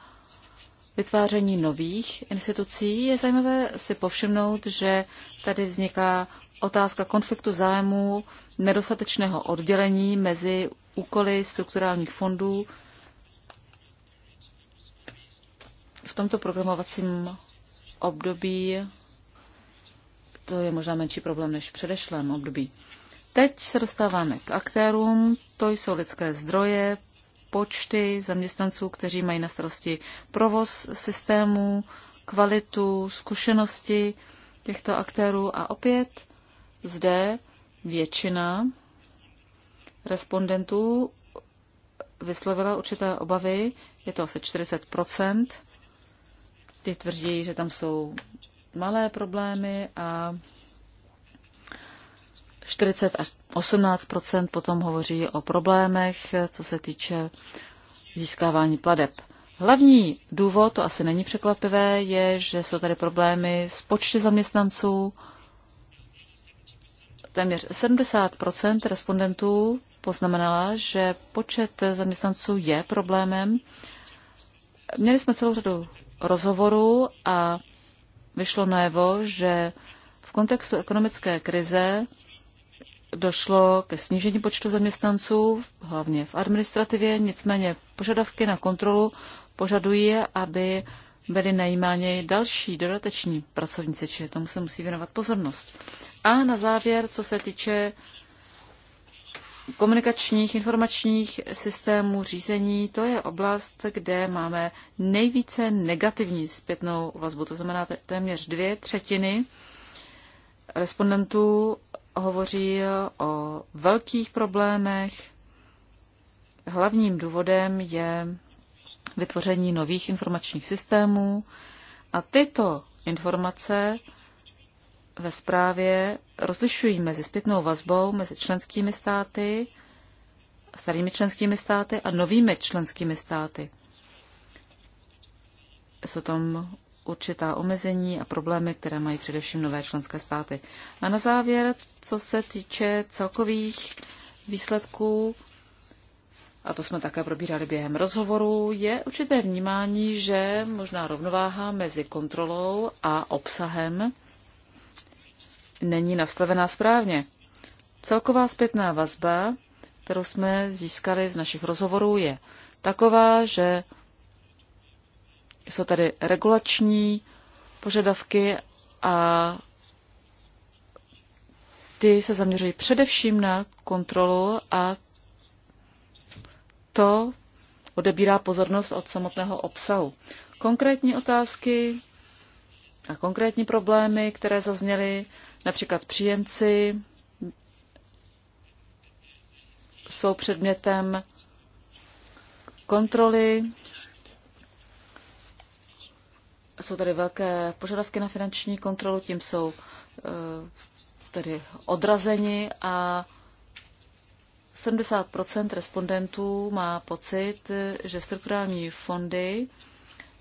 vytváření nových institucí. Je zajímavé si povšimnout, že tady vzniká otázka konfliktu zájmů, nedostatečného oddělení mezi úkoly strukturálních fondů v tomto programovacím období to je možná menší problém než v předešlém období. Teď se dostáváme k aktérům, to jsou lidské zdroje, počty zaměstnanců, kteří mají na starosti provoz systému, kvalitu, zkušenosti těchto aktérů a opět zde většina respondentů vyslovila určité obavy, je to asi 40 Ty tvrdí, že tam jsou malé problémy a 40 až 18 potom hovoří o problémech, co se týče získávání pladeb. Hlavní důvod, to asi není překvapivé, je, že jsou tady problémy s počty zaměstnanců. Téměř 70 respondentů poznamenala, že počet zaměstnanců je problémem. Měli jsme celou řadu rozhovorů a vyšlo najevo, že v kontextu ekonomické krize došlo ke snížení počtu zaměstnanců, hlavně v administrativě, nicméně požadavky na kontrolu požadují, aby byli najímáni další dodateční pracovníci, čili tomu se musí věnovat pozornost. A na závěr, co se týče komunikačních, informačních systémů řízení, to je oblast, kde máme nejvíce negativní zpětnou vazbu, to znamená téměř dvě třetiny respondentů hovoří o velkých problémech. Hlavním důvodem je vytvoření nových informačních systémů a tyto informace ve zprávě rozlišují mezi zpětnou vazbou, mezi členskými státy, starými členskými státy a novými členskými státy. Jsou tam určitá omezení a problémy, které mají především nové členské státy. A na závěr, co se týče celkových výsledků, a to jsme také probírali během rozhovoru, je určité vnímání, že možná rovnováha mezi kontrolou a obsahem není nastavená správně. Celková zpětná vazba, kterou jsme získali z našich rozhovorů, je taková, že jsou tady regulační požadavky a ty se zaměřují především na kontrolu a to odebírá pozornost od samotného obsahu. Konkrétní otázky a konkrétní problémy, které zazněly, Například příjemci jsou předmětem kontroly, jsou tady velké požadavky na finanční kontrolu, tím jsou eh, tedy odrazeni a 70 respondentů má pocit, že strukturální fondy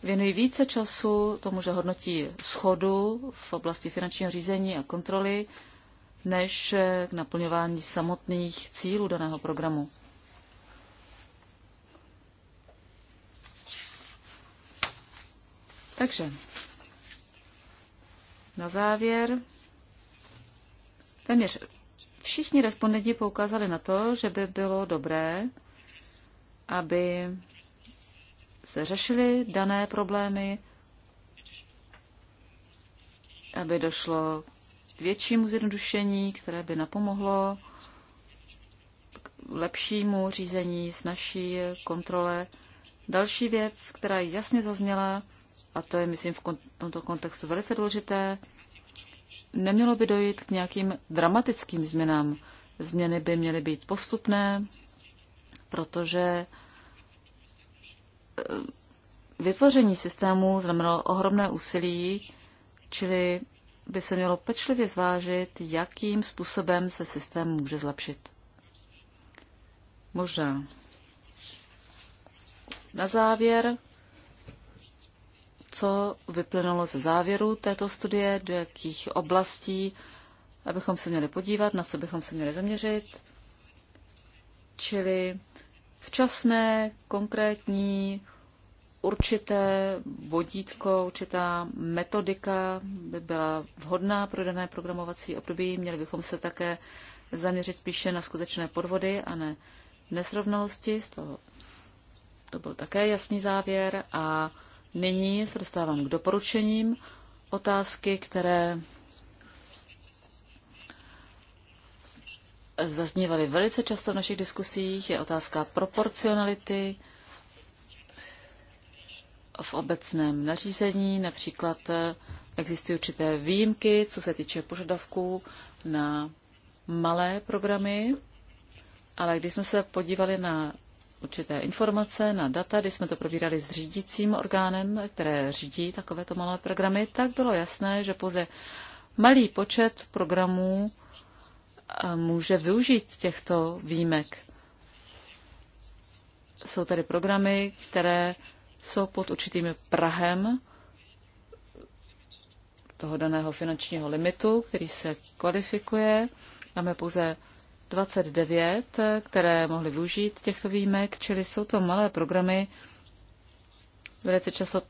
věnují více času tomu, že hodnotí schodu v oblasti finančního řízení a kontroly, než k naplňování samotných cílů daného programu. Takže na závěr téměř všichni respondenti poukázali na to, že by bylo dobré, aby se řešily dané problémy, aby došlo k většímu zjednodušení, které by napomohlo k lepšímu řízení, s naší kontrole. Další věc, která jasně zazněla, a to je, myslím, v tomto kontextu velice důležité, nemělo by dojít k nějakým dramatickým změnám. Změny by měly být postupné, protože Eh, vytvoření systému znamenalo ohromné úsilí, čili by se mělo pečlivě zvážit, jakým způsobem se systém může zlepšit. Možná. Na závěr, co vyplynulo ze závěru této studie, do jakých oblastí, abychom se měli podívat, na co bychom se měli zaměřit, čili včasné, konkrétní určité vodítko, určitá metodika by byla vhodná pro dané programovací období. Měli bychom se také zaměřit spíše na skutečné podvody a ne nesrovnalosti. Z toho to byl také jasný závěr. A nyní se dostávám k doporučením otázky, které zaznívaly velice často v našich diskusích. Je otázka proporcionality, v obecném nařízení, například eh, existují určité výjimky, co se týče požadavků na malé programy, ale když jsme se podívali na určité informace, na data, když jsme to probírali s řídícím orgánem, které řídí takovéto malé programy, tak bylo jasné, že pouze malý počet programů eh, může využít těchto výjimek. Jsou tady programy, které jsou pod určitým prahem toho daného finančního limitu, který se kvalifikuje. Máme pouze 29, které mohly využít těchto výjimek, čili jsou to malé programy. Velice často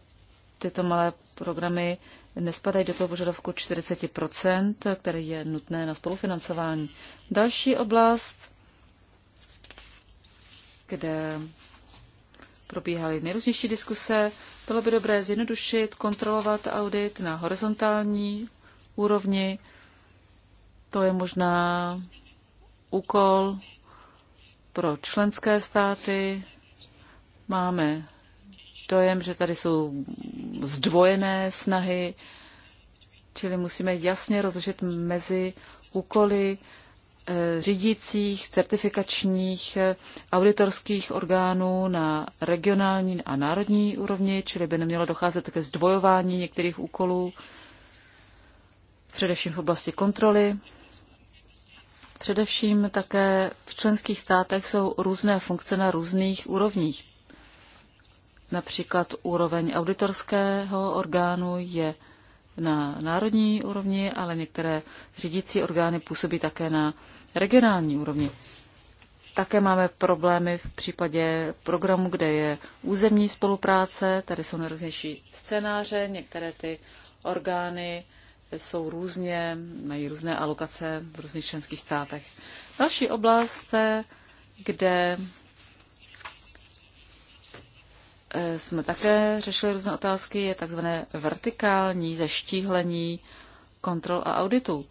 tyto malé programy nespadají do toho požadavku 40%, který je nutné na spolufinancování. Další oblast, kde probíhaly nejrůznější diskuse. Bylo by dobré zjednodušit, kontrolovat audit na horizontální úrovni. To je možná úkol pro členské státy. Máme dojem, že tady jsou zdvojené snahy, čili musíme jasně rozlišit mezi úkoly Eh, řídících, certifikačních, eh, auditorských orgánů na regionální a národní úrovni, čili by nemělo docházet ke zdvojování některých úkolů, především v oblasti kontroly. Především také v členských státech jsou různé funkce na různých úrovních. Například úroveň auditorského orgánu je na národní úrovni, ale některé řídící orgány působí také na regionální úrovni. Také máme problémy v případě programu, kde je územní spolupráce. Tady jsou nejrůznější scénáře. Některé ty orgány jsou různě, mají různé alokace v různých členských státech. Další oblast, kde jsme také řešili různé otázky, je takzvané vertikální zeštíhlení kontrol a auditů.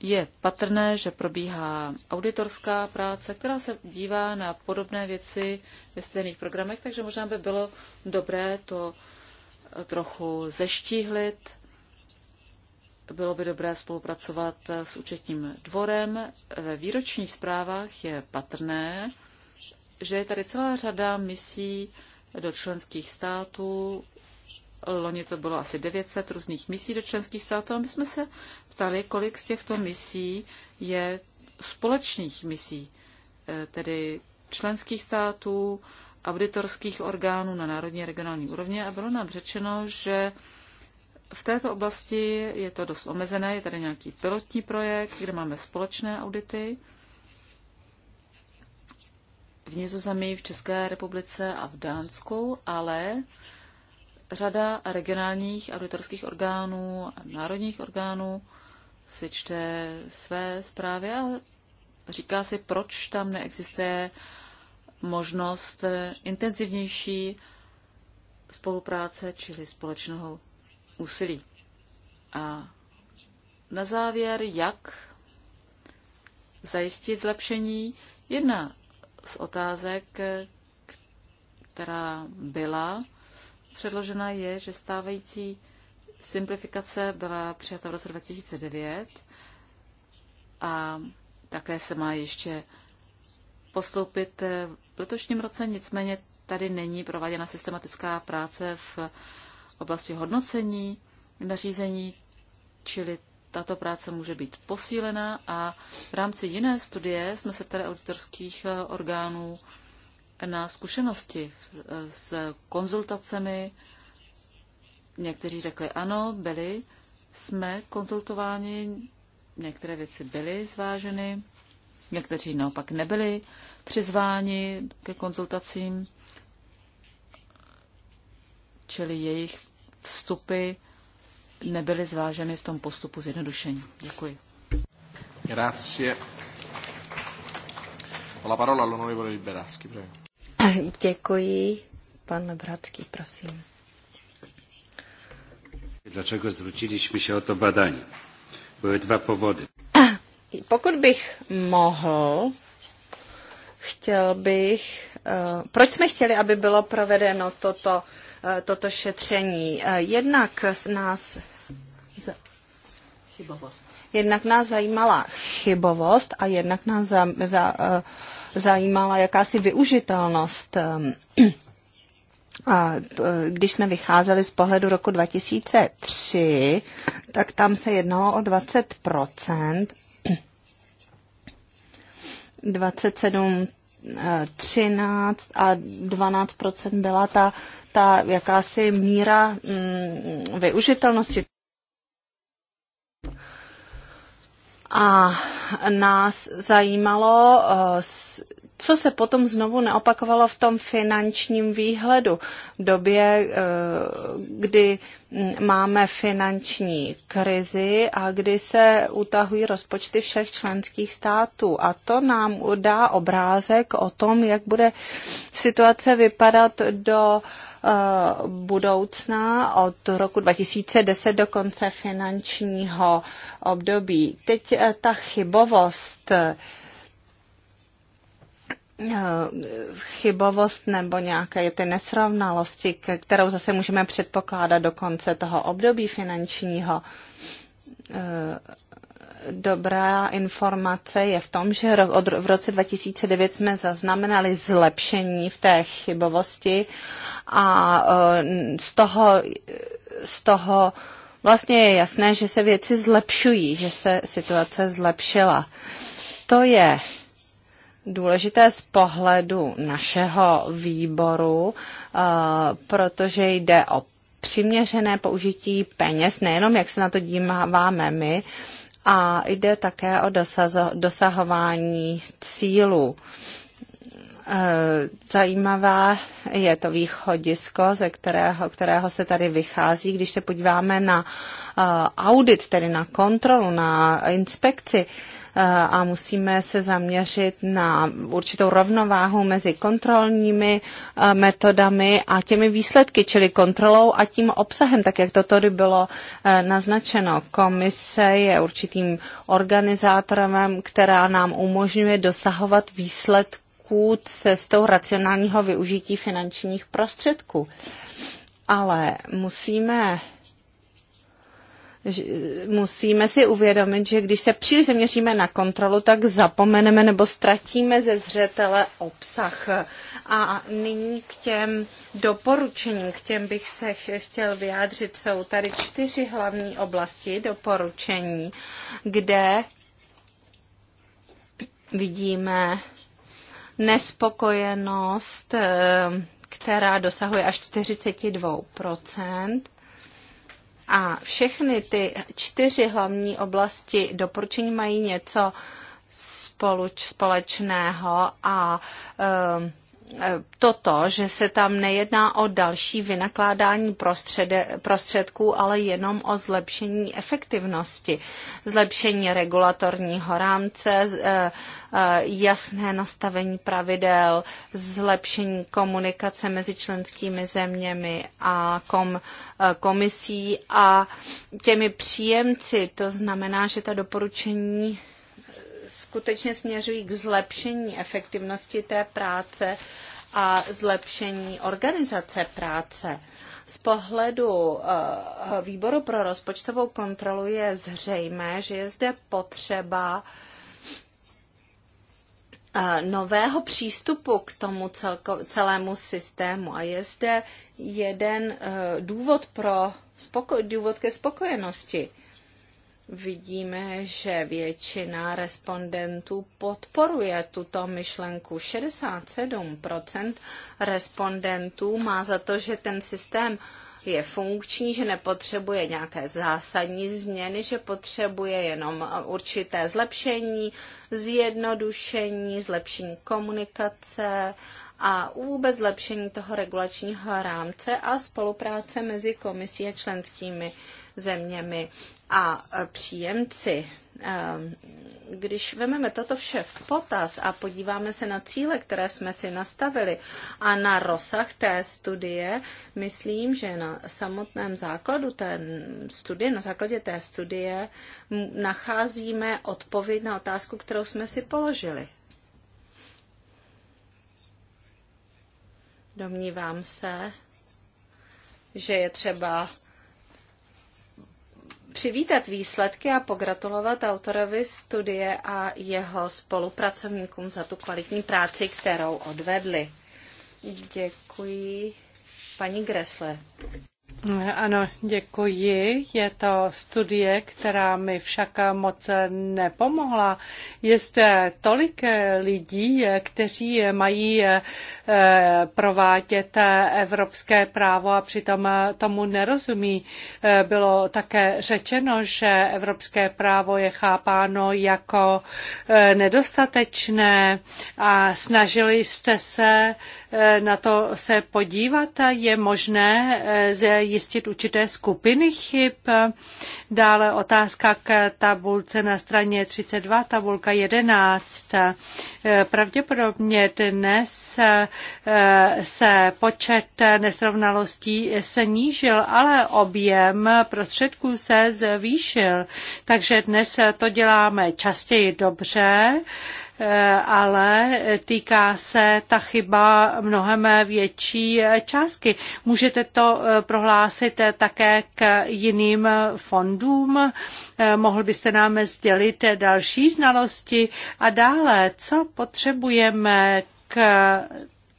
Je patrné, že probíhá auditorská práce, která se dívá na podobné věci ve stejných programech, takže možná by bylo dobré to trochu zeštíhlit. Bylo by dobré spolupracovat s účetním dvorem. Ve výročních zprávách je patrné, že je tady celá řada misí, do členských států. Loni to bylo asi 900 různých misí do členských států a my jsme se ptali, kolik z těchto misí je společných misí, eh, tedy členských států, auditorských orgánů na národní a regionální úrovni a bylo nám řečeno, že v této oblasti je to dost omezené, je tady nějaký pilotní projekt, kde máme společné audity v Nizozemí, v České republice a v Dánsku, ale řada regionálních auditorských orgánů a národních orgánů si čte své zprávy a říká si, proč tam neexistuje možnost intenzivnější spolupráce, čili společného úsilí. A na závěr, jak zajistit zlepšení? Jedna z otázek, která byla předložena, je, že stávající simplifikace byla přijata v roce 2009 a také se má ještě postoupit v letošním roce, nicméně tady není prováděna systematická práce v oblasti hodnocení nařízení, čili tato práce může být posílena a v rámci jiné studie jsme se ptali auditorských eh, orgánů na zkušenosti eh, s konzultacemi. Někteří řekli ano, byli, jsme konzultováni, některé věci byly zváženy, někteří naopak nebyli přizváni ke konzultacím, čili jejich vstupy nebyly zváženy v tom postupu zjednodušení. Děkuji.
Grazie. La parola all'onorevole Liberaschi, prego.
Děkuji. Pan Bratský,
prosím. Dlaczego zwróciliśmy się o to badanie? Były dwa powody. Pokud bych mohl, chtěl bych, eh, proč jsme chtěli, aby bylo provedeno toto, eh, toto šetření? Eh, Jednak nás chybovost. Jednak nás zajímala chybovost a jednak nás za, za, eh, zajímala jakási využitelnost eh, a eh, když jsme vycházeli z pohledu roku 2003, tak tam se jednalo o 20 27, 13 a 12 byla ta, ta jakási míra mm, využitelnosti. A nás zajímalo, eh, co se potom znovu neopakovalo v tom finančním výhledu, v době, eh, kdy mm, máme finanční krizi a kdy se utahují rozpočty všech členských států. A to nám dá obrázek o tom, jak bude situace vypadat do Eh, budoucna od roku 2010 do konce finančního období. Teď eh, ta chybovost eh, chybovost nebo nějaké ty nesrovnalosti, kterou zase můžeme předpokládat do konce toho období finančního dobrá informace je v tom, že od, v roce 2009 jsme zaznamenali zlepšení v té chybovosti a e, z toho, z toho vlastně je jasné, že se věci zlepšují, že se situace zlepšila. To je důležité z pohledu našeho výboru, e, protože jde o přiměřené použití peněz, nejenom jak se na to díváme my, a jde také o dosahování cílů. E, zajímavé je to východisko, ze kterého, kterého se tady vychází. Když se podíváme na e, audit, tedy na kontrolu, na inspekci, a musíme se zaměřit na určitou rovnováhu mezi kontrolními eh, metodami a těmi výsledky, čili kontrolou a tím obsahem, tak jak to tady bylo eh, naznačeno. Komise je určitým organizátorem, která nám umožňuje dosahovat výsledků cestou racionálního využití finančních prostředků. Ale musíme Eh, musíme si uvědomit, že když se příliš zaměříme na kontrolu, tak zapomeneme nebo ztratíme ze zřetele obsah. A nyní k těm doporučením, k těm bych se chtěl vyjádřit. Jsou tady čtyři hlavní oblasti doporučení, kde vidíme nespokojenost, eh, která dosahuje až 42 a všechny ty čtyři hlavní oblasti doporučení mají něco spoluč, společného a um, toto, e, že se tam nejedná o další vynakládání prostředků, ale jenom o zlepšení efektivnosti, zlepšení regulatorního rámce, e, e, jasné nastavení pravidel, zlepšení komunikace mezi členskými zeměmi a kom, komisí a těmi příjemci. To znamená, že ta doporučení skutečně směřují k zlepšení efektivnosti té práce a zlepšení organizace práce. Z pohledu eh, výboru pro rozpočtovou kontrolu je zřejmé, že je zde potřeba eh, nového přístupu k tomu celko, celému systému. A je zde jeden eh, důvod, pro, důvod ke spokojenosti vidíme, že většina respondentů podporuje tuto myšlenku. 67% respondentů má za to, že ten systém je funkční, že nepotřebuje nějaké zásadní změny, že potřebuje jenom určité zlepšení, zjednodušení, zlepšení komunikace a vůbec zlepšení toho regulačního rámce a spolupráce mezi komisí a členskými zeměmi a e, příjemci e, když vezmeme toto vše v potaz a podíváme se na cíle, které jsme si nastavili a na rozsah té studie, myslím, že na samotném základu té studie, na základě té studie nacházíme odpověď na otázku, kterou jsme si položili. Domnívám se, že je třeba přivítat výsledky a pogratulovat autorovi studie a jeho spolupracovníkům za tu kvalitní práci, kterou odvedli. Děkuji paní Gresle.
Ano, děkuji. Je to studie, která mi však moc nepomohla. Je zde tolik lidí, kteří mají eh, provádět evropské právo a přitom tomu nerozumí. Eh, bylo také řečeno, že evropské právo je chápáno jako eh, nedostatečné a snažili jste se Eh, na to se podívat? Je možné eh, zjistit určité skupiny chyb? Dále otázka k tabulce na straně 32, tabulka 11. Eh, pravděpodobně dnes se počet nesrovnalostí snížil, ale objem prostředků se zvýšil. Takže dnes to děláme častěji dobře Eh, ale týká se ta chyba mnohem větší částky. Můžete to eh, prohlásit eh, také k jiným fondům? Mohl byste nám sdělit další znalosti a dále, co potřebujeme k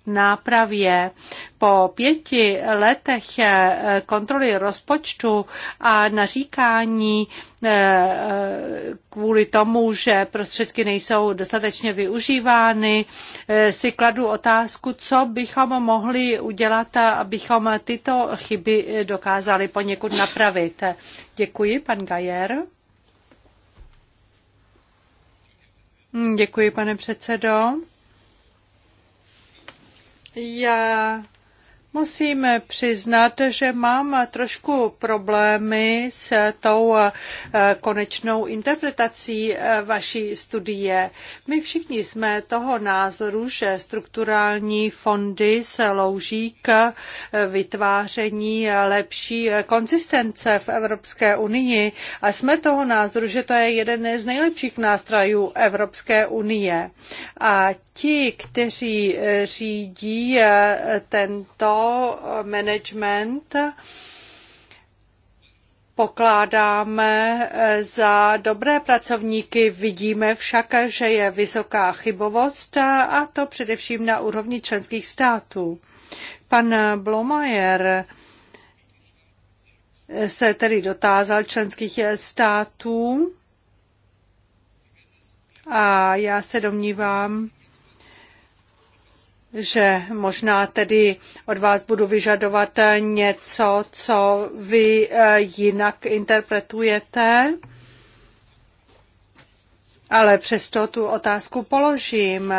nápravě. Po pěti letech eh, kontroly rozpočtu a naříkání eh, eh, kvůli tomu, že prostředky nejsou dostatečně využívány, si kladu otázku, co bychom mohli udělat, abychom tyto chyby dokázali poněkud napravit. Děkuji, pan Gajer. Děkuji, pane předsedo. Ja. Musím přiznat, že mám trošku problémy s tou eh, konečnou interpretací eh, vaší studie. My všichni jsme toho názoru, že strukturální fondy slouží k eh, vytváření lepší konzistence v Evropské unii a jsme toho názoru, že to je jeden z nejlepších nástrojů Evropské unie. A ti, kteří řídí tento management pokládáme eh, za dobré pracovníky, vidíme však, že je vysoká chybovost eh, a to především na úrovni členských států. Pan Blomajer eh, se tedy dotázal členských států a já se domnívám, že možná tedy od vás budu vyžadovat něco, co vy eh, jinak interpretujete, ale přesto tu otázku položím.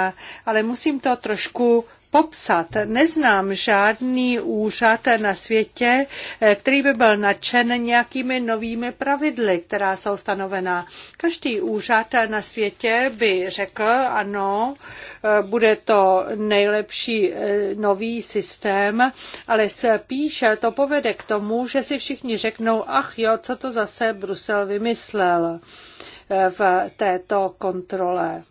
Ale musím to trošku popsat. Neznám žádný úřad na světě, eh, který by byl nadšen nějakými novými pravidly, která jsou stanovená. Každý úřad na světě by řekl, ano, eh, bude to nejlepší eh, nový systém, ale spíše to povede k tomu, že si všichni řeknou, ach jo, co to zase Brusel vymyslel v této kontrole.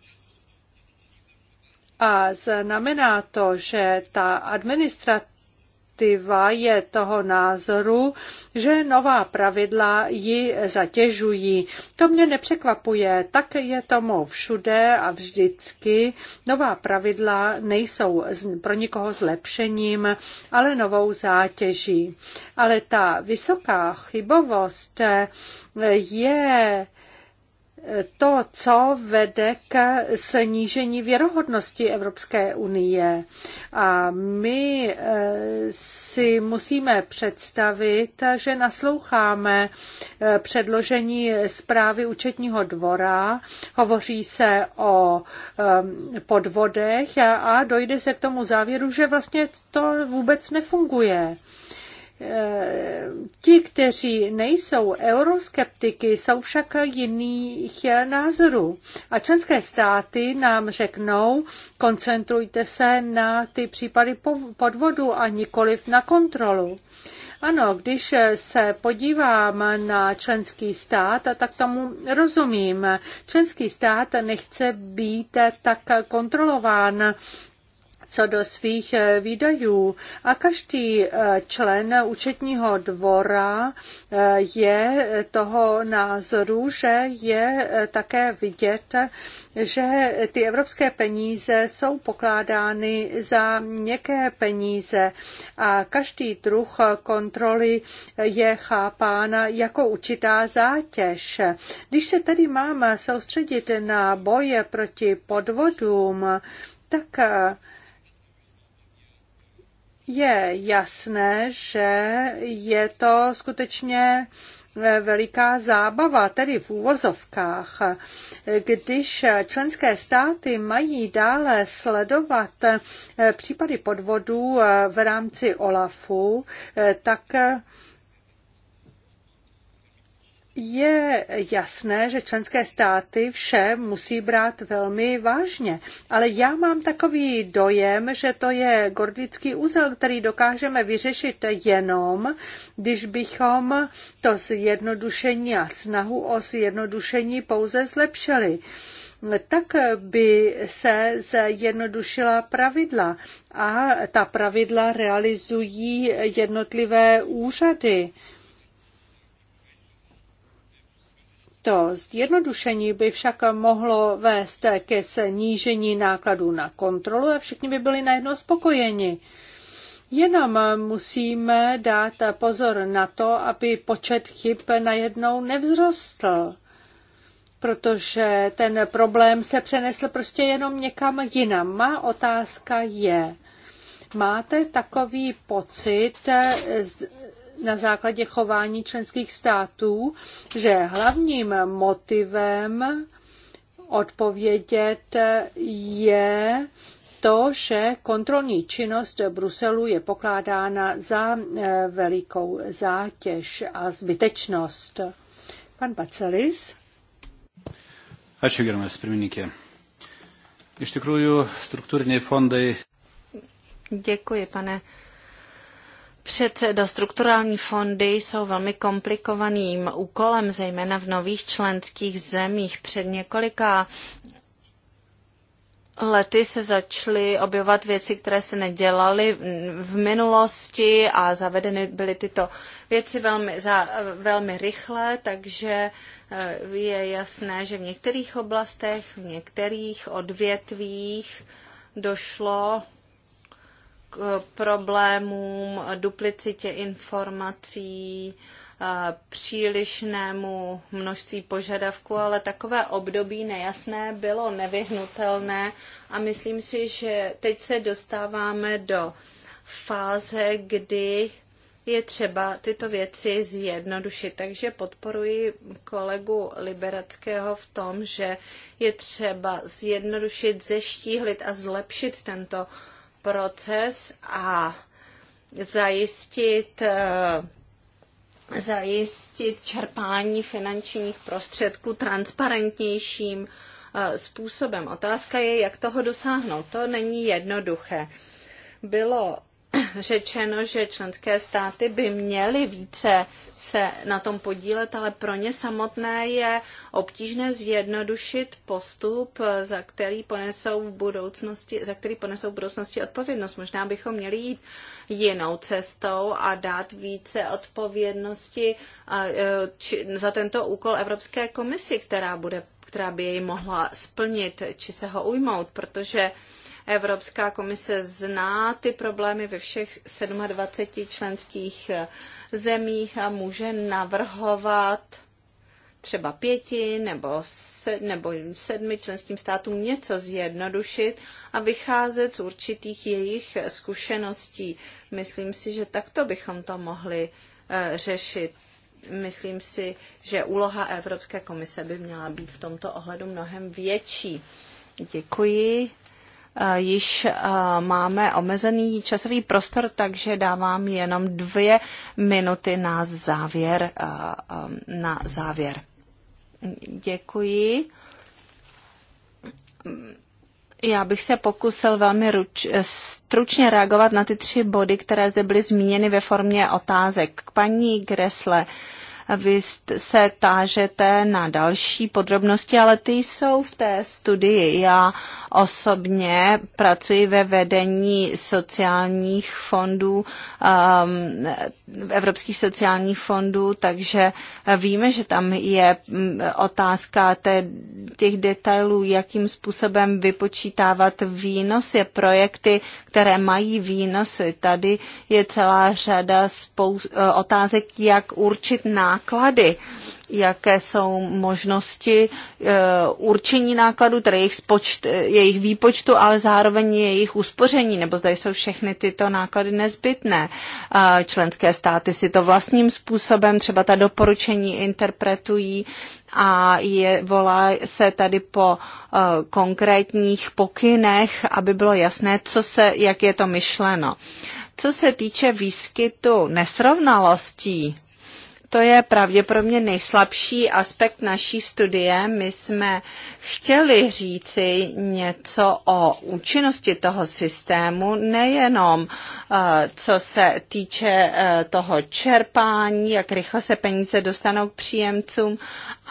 A znamená to, že ta administrativa je toho názoru, že nová pravidla ji zatěžují. To mě nepřekvapuje, tak je tomu všude a vždycky. Nová pravidla nejsou pro nikoho zlepšením, ale novou zátěží. Ale ta vysoká chybovost je to, co vede k snížení věrohodnosti Evropské unie. A my eh, si musíme představit, že nasloucháme eh, předložení zprávy účetního dvora, hovoří se o eh, podvodech a dojde se k tomu závěru, že vlastně to vůbec nefunguje. Ti, kteří nejsou euroskeptiky, jsou však jiných názorů. A členské státy nám řeknou, koncentrujte se na ty případy podvodu a nikoliv na kontrolu. Ano, když se podívám na členský stát, tak tomu rozumím. Členský stát nechce být tak kontrolován co do svých eh, výdajů. A každý eh, člen účetního dvora eh, je toho názoru, že je také vidět, že ty evropské peníze jsou pokládány za měkké peníze a každý druh kontroly je chápán jako určitá zátěž. Když se tedy máme soustředit na boje proti podvodům, tak je jasné, že je to skutečně eh, veliká zábava, tedy v úvozovkách. Když členské státy mají dále sledovat eh, případy podvodů eh, v rámci OLAFu, tak je jasné, že členské státy vše musí brát velmi vážně, ale já mám takový dojem, že to je gordický úzel, který dokážeme vyřešit jenom, když bychom to zjednodušení a snahu o zjednodušení pouze zlepšili tak by se zjednodušila pravidla a ta pravidla realizují jednotlivé úřady. To zjednodušení by však mohlo vést ke snížení nákladů na kontrolu a všichni by byli najednou spokojeni. Jenom musíme dát pozor na to, aby počet chyb najednou nevzrostl, protože ten problém se přenesl prostě jenom někam jinam. Má otázka je, máte takový pocit, na základě chování členských států, že hlavním motivem odpovědět je to, že kontrolní činnost Bruselu je pokládána za eh, velikou zátěž a zbytečnost. Pan Bacelis.
Ačiū, gerbiamas pirmininkė. Iš tikrųjų, struktūriniai fondai.
Děkuji, pane před do strukturální fondy jsou velmi komplikovaným úkolem, zejména v nových členských zemích. Před několika lety se začaly objevovat věci, které se nedělaly v minulosti a zavedeny byly tyto věci velmi, za, velmi rychle, takže eh, je jasné, že v některých oblastech, v některých odvětvích došlo problémům, duplicitě informací, eh, přílišnému množství požadavků, ale takové období nejasné bylo nevyhnutelné a myslím si, že teď se dostáváme do fáze, kdy je třeba tyto věci zjednodušit. Takže podporuji kolegu Liberackého v tom, že je třeba zjednodušit, zeštíhlit a zlepšit tento uh, proces a zajistit eh, zajistit čerpání finančních prostředků transparentnějším eh, způsobem. Otázka je, jak toho dosáhnout. To není jednoduché. Bylo řečeno, že členské státy by měly více se na tom podílet, ale pro ně samotné je obtížné zjednodušit postup, za který ponesou v budoucnosti, za který ponesou v budoucnosti odpovědnost. Možná bychom měli jít jinou cestou a dát více odpovědnosti e, za tento úkol Evropské komisi, která, bude, která by jej mohla splnit či se ho ujmout, protože Evropská komise zná ty problémy ve všech 27 členských eh, zemích a může navrhovat třeba pěti nebo, se, nebo sedmi členským státům něco zjednodušit a vycházet z určitých jejich zkušeností. Myslím si, že takto bychom to mohli uh, řešit. Myslím si, že úloha Evropské komise by měla být v tomto ohledu mnohem větší. Děkuji. Eh, již eh, máme omezený časový prostor, takže dávám jenom dvě minuty na závěr. Eh, na závěr. Děkuji. Já bych se pokusil velmi ruč, stručně reagovat na ty tři body, které zde byly zmíněny ve formě otázek. K paní Gresle. Uh, vy se tážete na další podrobnosti, ale ty jsou v té studii. Já osobně pracuji ve vedení sociálních fondů, um, evropských sociálních fondů, takže víme, že tam je mm, otázka té, těch detailů, jakým způsobem vypočítávat výnosy, projekty, které mají výnosy. Tady je celá řada spou- otázek, jak určit náklad náklady, jaké jsou možnosti eh, určení nákladů, tedy jejich, spočt, jejich výpočtu, ale zároveň jejich uspoření, nebo zda jsou všechny tyto náklady nezbytné. Eh, členské státy si to vlastním způsobem, třeba ta doporučení interpretují a je, volá se tady po eh, konkrétních pokynech, aby bylo jasné, co se, jak je to myšleno. Co se týče výskytu nesrovnalostí, to je pravděpodobně nejslabší aspekt naší studie. My jsme chtěli říci něco o účinnosti toho systému, nejenom eh, co se týče eh, toho čerpání, jak rychle se peníze dostanou k příjemcům,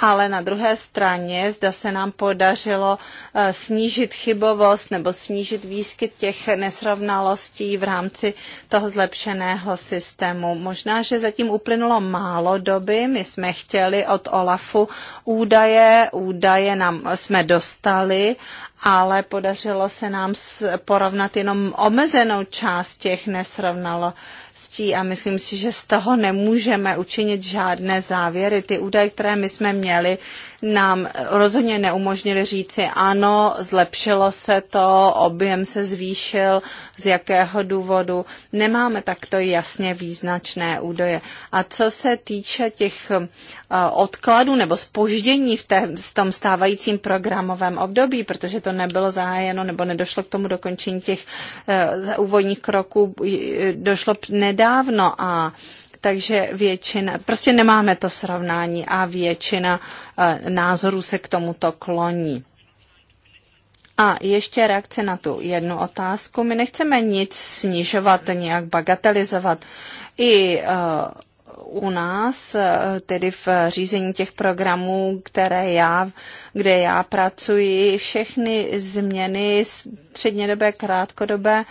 ale na druhé straně, zda se nám podařilo eh, snížit chybovost nebo snížit výskyt těch nesrovnalostí v rámci toho zlepšeného systému. Možná, že zatím uplynulo málo doby. My jsme chtěli od Olafu údaje, údaje nám jsme dostali ale podařilo se nám porovnat jenom omezenou část těch nesrovnalostí a myslím si, že z toho nemůžeme učinit žádné závěry. Ty údaje, které my jsme měli, nám rozhodně neumožnili říci ano, zlepšilo se to, objem se zvýšil, z jakého důvodu. Nemáme takto jasně význačné údaje. A co se týče těch eh, odkladů nebo spoždění v, té, v tom stávajícím programovém období, protože to nebylo zahájeno nebo nedošlo k tomu dokončení těch eh, úvodních kroků, došlo nedávno a takže většina, prostě nemáme to srovnání a většina eh, názorů se k tomuto kloní. A ještě reakce na tu jednu otázku. My nechceme nic snižovat, nějak bagatelizovat. I uh, u nás, eh, tedy v řízení těch programů, které já, kde já pracuji, všechny změny střednědobé, krátkodobé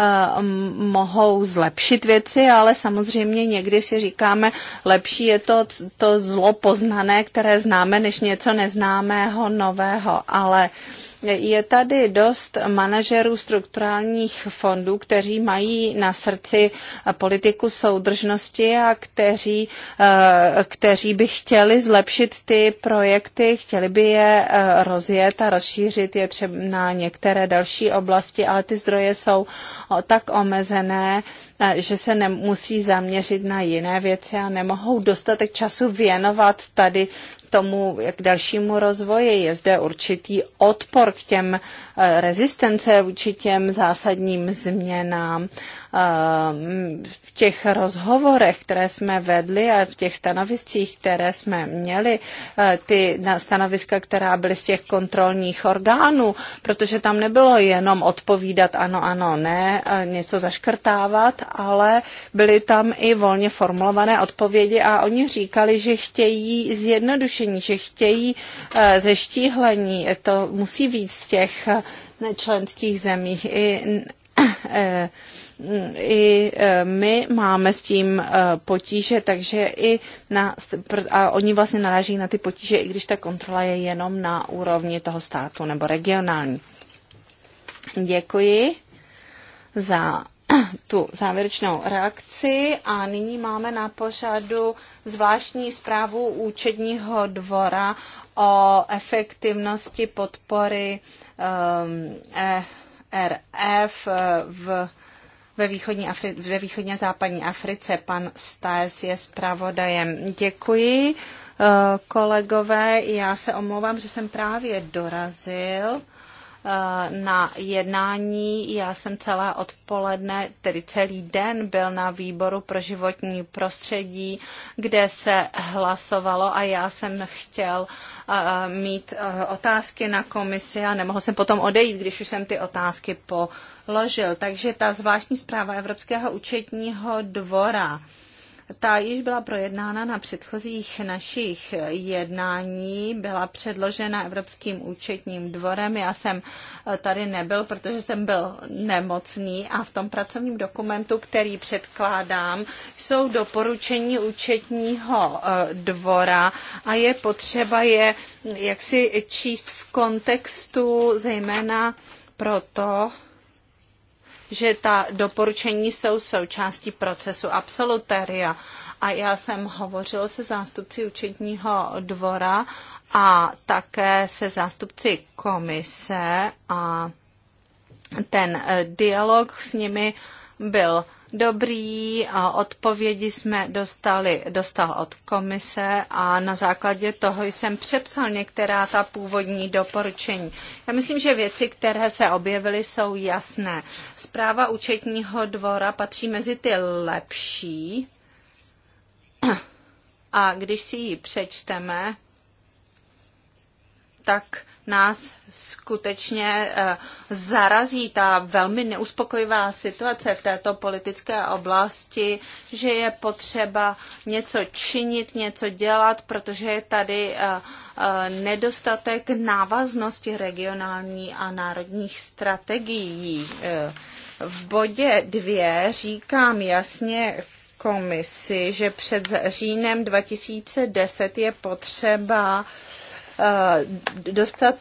eh, mohou zlepšit věci, ale samozřejmě někdy si říkáme, lepší je to, to zlo poznané, které známe, než něco neznámého, nového, ale uh, je tady dost manažerů strukturálních fondů, kteří mají na srdci politiku soudržnosti a kteří, eh, kteří by chtěli zlepšit ty projekty, chtěli by je eh, rozjet a rozšířit je třeba na některé další oblasti, ale ty zdroje jsou tak omezené, eh, že se nemusí zaměřit na jiné věci a nemohou dostatek času věnovat tady tomu, k dalšímu rozvoji. Je zde určitý odpor k těm eh, rezistence vůči těm zásadním změnám v těch rozhovorech, které jsme vedli a v těch stanoviscích, které jsme měli, eh, ty stanoviska, která byly z těch kontrolních orgánů, protože tam nebylo jenom odpovídat ano, ano, ne, něco zaškrtávat, ale byly tam i volně formulované odpovědi a oni říkali, že chtějí zjednodušení, že chtějí eh, zeštíhlení. To musí víc z těch nečlenských eh, zemích i i e, my máme s tím e, potíže, takže i na, a oni vlastně naráží na ty potíže, i když ta kontrola je jenom na úrovni toho státu nebo regionální. Děkuji za tu závěrečnou reakci a nyní máme na pořadu zvláštní zprávu účetního dvora o efektivnosti podpory um, ehm, e RF v ve východní, Afri- ve východní a západní Africe. Pan Staes je zpravodajem. Děkuji, eh, kolegové. Já se omlouvám, že jsem právě dorazil. Eh, na jednání. Já jsem celá odpoledne, tedy celý den byl na výboru pro životní prostředí, kde se hlasovalo a já jsem chtěl eh, mít eh, otázky na komisi a nemohl jsem potom odejít, když už jsem ty otázky položil. Takže ta zvláštní zpráva Evropského účetního dvora ta již byla projednána na předchozích našich jednání, byla předložena Evropským účetním dvorem. Já jsem eh, tady nebyl, protože jsem byl nemocný a v tom pracovním dokumentu, který předkládám, jsou doporučení účetního eh, dvora a je potřeba je eh, jaksi číst v kontextu zejména proto, že ta doporučení jsou součástí procesu absolutéria. A já jsem hovořil se zástupci účetního dvora a také se zástupci komise a ten eh, dialog s nimi byl dobrý a odpovědi jsme dostali, dostal od komise a na základě toho jsem přepsal některá ta původní doporučení. Já myslím, že věci, které se objevily, jsou jasné. Zpráva účetního dvora patří mezi ty lepší a když si ji přečteme, tak nás skutečně eh, zarazí ta velmi neuspokojivá situace v této politické oblasti, že je potřeba něco činit, něco dělat, protože je tady eh, eh, nedostatek návaznosti regionální a národních strategií. V bodě dvě říkám jasně komisi, že před říjnem 2010 je potřeba Eh, dostat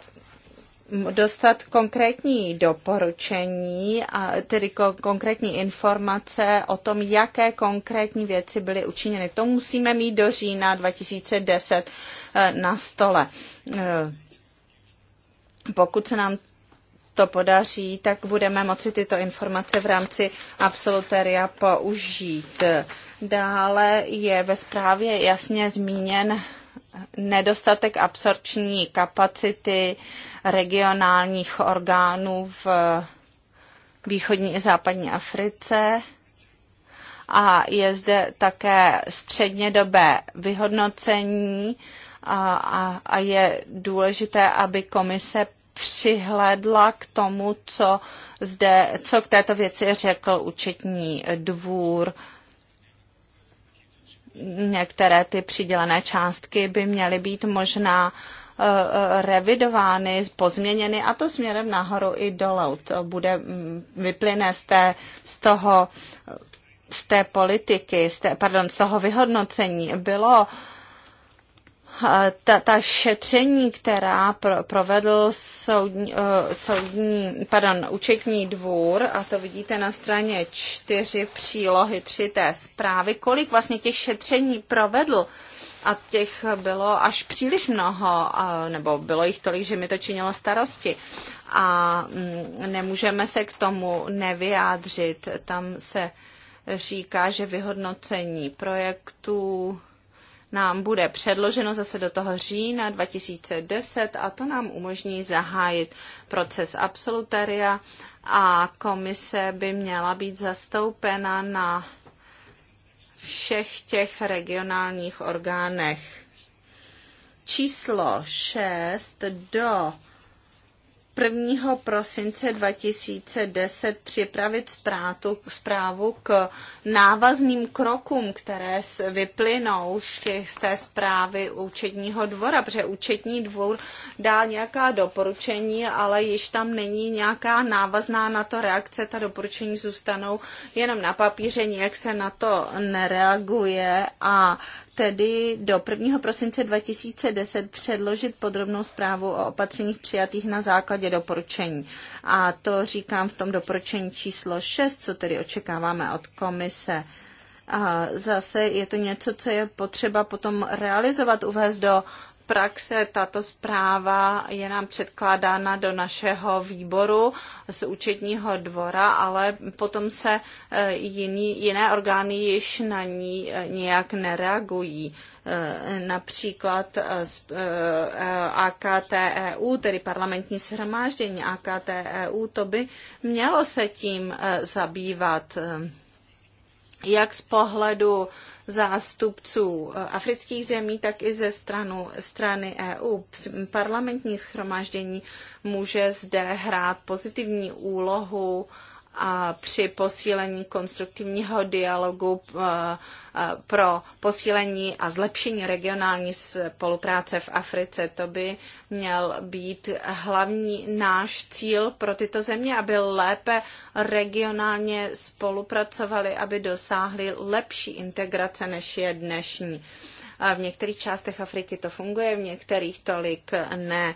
dostat konkrétní doporučení, a tedy konkrétní informace o tom, jaké konkrétní věci byly učiněny. To musíme mít do října 2010 eh, na stole. Eh, pokud se nám to podaří, tak budeme moci tyto informace v rámci absoluteria použít. Dále je ve zprávě jasně zmíněn nedostatek absorpční kapacity regionálních orgánů v východní a západní Africe a je zde také střednědobé vyhodnocení a, a, a je důležité, aby komise přihlédla k tomu, co, zde, co k této věci řekl účetní dvůr některé ty přidělené částky by měly být možná eh, eh, revidovány, pozměněny a to směrem nahoru i dolů. To bude, mm, vyplyne z, té, z toho z té politiky, z, té, pardon, z toho vyhodnocení bylo Eh, ta, ta šetření, která pro, provedl soudní, eh, soudní, pardon, účetní dvůr, a to vidíte na straně čtyři přílohy tři té zprávy, kolik vlastně těch šetření provedl, a těch bylo až příliš mnoho, eh, nebo bylo jich tolik, že mi to činilo starosti. A mm, nemůžeme se k tomu nevyjádřit. Tam se říká, že vyhodnocení projektů nám bude předloženo zase do toho října 2010 a to nám umožní zahájit proces absolutaria a komise by měla být zastoupena na všech těch regionálních orgánech. Číslo 6 do 1. prosince 2010 připravit zprátu, zprávu k návazným krokům, které vyplynou z, těch, z té zprávy účetního dvora, protože účetní dvůr dá nějaká doporučení, ale již tam není nějaká návazná na to reakce, ta doporučení zůstanou jenom na papíře, nějak se na to nereaguje a tedy do 1. prosince 2010 předložit podrobnou zprávu o opatřeních přijatých na základě doporučení. A to říkám v tom doporučení číslo 6, co tedy očekáváme od komise. A zase je to něco, co je potřeba potom realizovat, uvést do praxe tato zpráva je nám předkládána do našeho výboru z účetního dvora, ale potom se e, jiný, jiné orgány již na ní e, nějak nereagují. E, například AKTEU, tedy parlamentní shromáždění AKTEU, to by mělo se tím zabývat jak z pohledu zástupců eh, afrických zemí, tak i ze stranu, strany EU. Parlamentní schromáždění může zde hrát pozitivní úlohu a při posílení konstruktivního dialogu eh, eh, pro posílení a zlepšení regionální spolupráce v Africe. To by měl být hlavní náš cíl pro tyto země, aby lépe regionálně spolupracovali, aby dosáhli lepší integrace, než je dnešní. v některých částech Afriky to funguje, v některých tolik ne.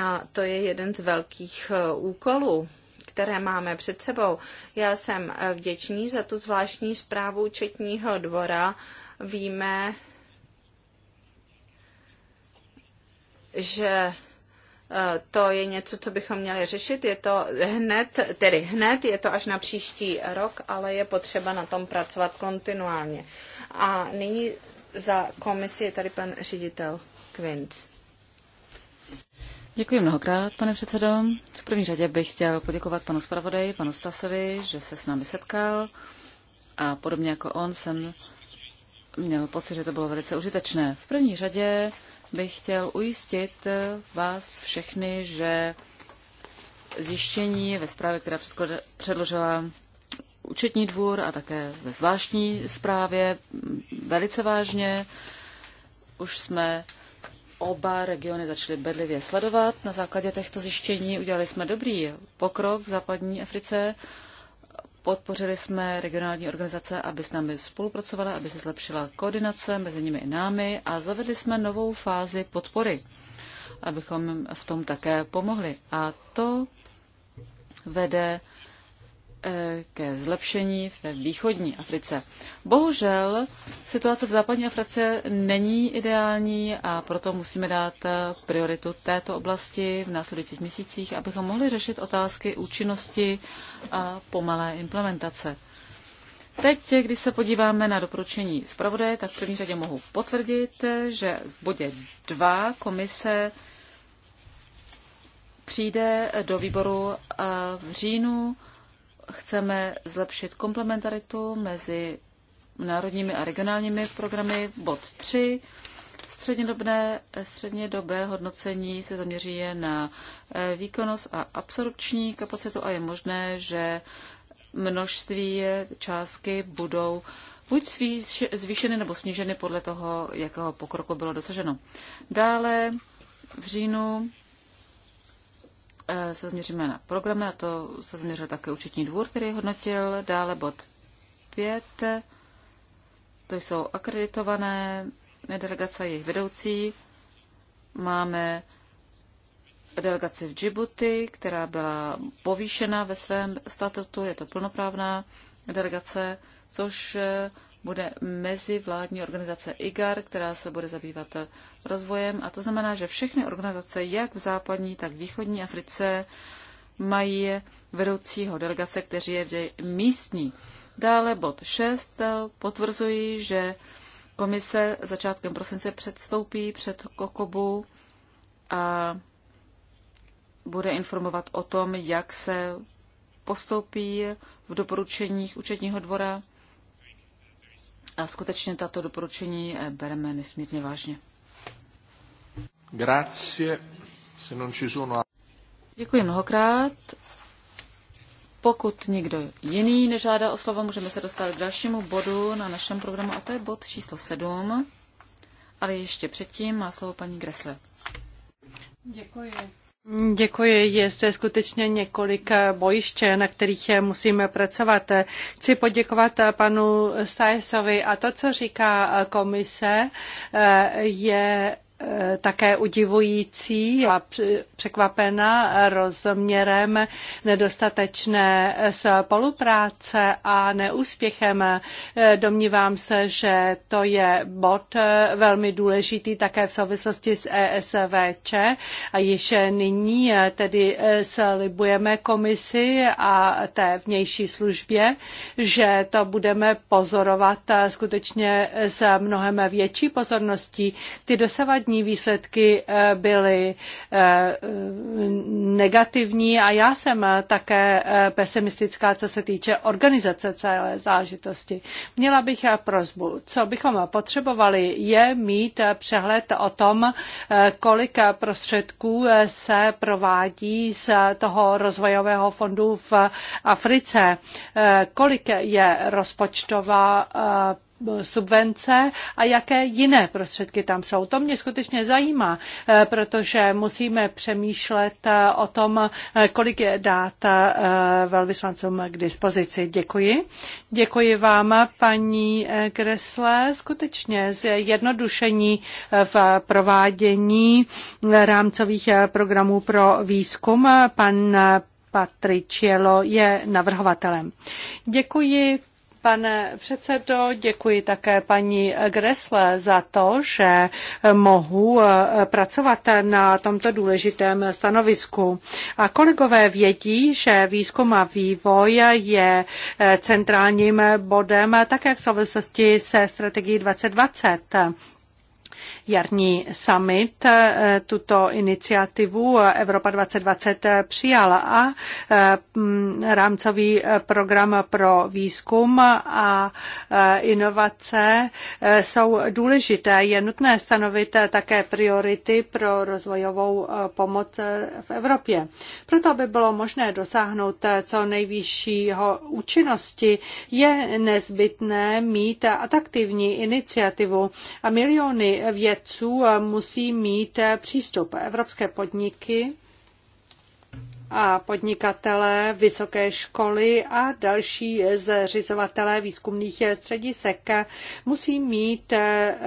A to je jeden z velkých eh, úkolů které máme před sebou. Já jsem eh, vděčný za tu zvláštní zprávu Četního dvora. Víme, že eh, to je něco, co bychom měli řešit. Je to hned, tedy hned, je to až na příští rok, ale je potřeba na tom pracovat kontinuálně. A nyní za komisi je tady pan ředitel Quince.
Děkuji mnohokrát, pane předsedo. V první řadě bych chtěl poděkovat panu zpravodaji, panu Stasovi, že se s námi setkal a podobně jako on jsem měl pocit, že to bylo velice užitečné. V první řadě bych chtěl ujistit vás všechny, že zjištění ve zprávě, která předložila účetní dvůr a také ve zvláštní zprávě velice vážně. Už jsme oba regiony začaly bedlivě sledovat. Na základě těchto zjištění udělali jsme dobrý pokrok v západní Africe. Podpořili jsme regionální organizace, aby s námi spolupracovala, aby se zlepšila koordinace mezi nimi i námi a zavedli jsme novou fázi podpory, abychom v tom také pomohli. A to vede Eh, ke zlepšení ve východní Africe. Bohužel situace v západní Africe není ideální a proto musíme dát eh, prioritu této oblasti v následujících měsících, abychom mohli řešit otázky účinnosti a pomalé implementace. Teď, když se podíváme na doporučení zpravodaje, tak v první řadě mohu potvrdit, že v bodě 2 komise přijde do výboru eh, v říjnu chceme zlepšit komplementaritu mezi národními a regionálními programy. Bod 3. Střednědobné, střednědobé hodnocení se zaměří na eh, výkonnost a absorpční kapacitu a je možné, že množství eh, částky budou buď zvýšeny nebo sníženy podle toho, jakého pokroku bylo dosaženo. Dále v říjnu Eh, se zaměříme na programy, na to se zaměřil také účetní dvůr, který hodnotil. Dále bod 5, to jsou akreditované delegace jejich vedoucí. Máme delegaci v Djibouti, která byla povýšena ve svém statutu, je to plnoprávná delegace, což eh, bude mezivládní organizace IGAR, která se bude zabývat rozvojem. A to znamená, že všechny organizace, jak v západní, tak v východní Africe, mají vedoucího delegace, kteří je vždy místní. Dále bod 6 eh, potvrzují, že komise začátkem prosince předstoupí před Kokobu a bude informovat o tom, jak se postoupí v doporučeních účetního dvora. A skutečně tato doporučení eh, bereme nesmírně vážně. Grazie.
Se non ci sono...
Děkuji mnohokrát. Pokud nikdo jiný nežádá o slovo, můžeme se dostat k dalšímu bodu na našem programu, a to je bod číslo 7. Ale ještě předtím má slovo paní Gresle. Děkuji.
Děkuji. Je zde skutečně několik bojiště, na kterých musíme pracovat. Chci poděkovat panu Stajesovi a to, co říká komise, je Eh, také udivující a překvapena rozměrem nedostatečné spolupráce a neúspěchem. Eh, domnívám se, že to je bod eh, velmi důležitý také v souvislosti s ESVČ a již nyní tedy slibujeme komisi a té vnější službě, že to budeme pozorovat skutečně s mnohem větší pozorností. Ty dosavadní Ostatní výsledky eh, byly eh, negativní a já jsem eh, také pesimistická, co se týče organizace celé zážitosti. Měla bych prozbu. Co bychom potřebovali, je mít přehled o tom, kolik prostředků se provádí z toho rozvojového fondu v Africe, kolik je rozpočtová subvence a jaké jiné prostředky tam jsou. To mě skutečně zajímá, eh, protože musíme přemýšlet eh, o tom, eh, kolik je dát velvyslancům k dispozici. Děkuji. Děkuji vám, paní Kresle. Skutečně zjednodušení v provádění rámcových programů pro výzkum. Pan Patriciello je navrhovatelem. Děkuji Pane předsedo, děkuji také paní Gresle za to, že mohu eh, pracovat na tomto důležitém stanovisku. A kolegové vědí, že výzkum a vývoj je eh, centrálním bodem také v souvislosti se strategií 2020 jarní summit eh, tuto iniciativu Evropa 2020 přijala a eh, rámcový eh, program pro výzkum a inovace jsou důležité. Je nutné stanovit také priority pro rozvojovou pomoc v Evropě. Proto, by bylo možné dosáhnout co nejvyššího účinnosti, je nezbytné mít atraktivní iniciativu a miliony vědců musí mít eh, přístup. Evropské podniky a podnikatelé, vysoké školy a další zřizovatelé výzkumných středisek musí mít eh,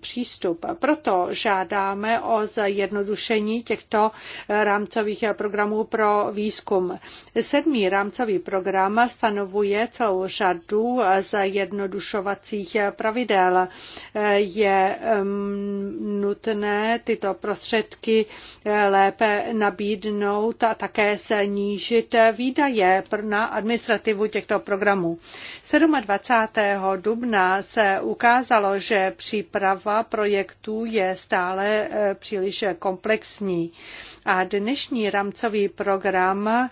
přístup. Proto žádáme o zjednodušení těchto rámcových programů pro výzkum. Sedmý rámcový program stanovuje celou řadu zjednodušovacích pravidel. Je mm, nutné tyto prostředky lépe nabídnout a také snížit výdaje na administrativu těchto programů. 27. dubna se ukázalo, že příprava projektů je stále eh, příliš komplexní a dnešní rámcový program eh,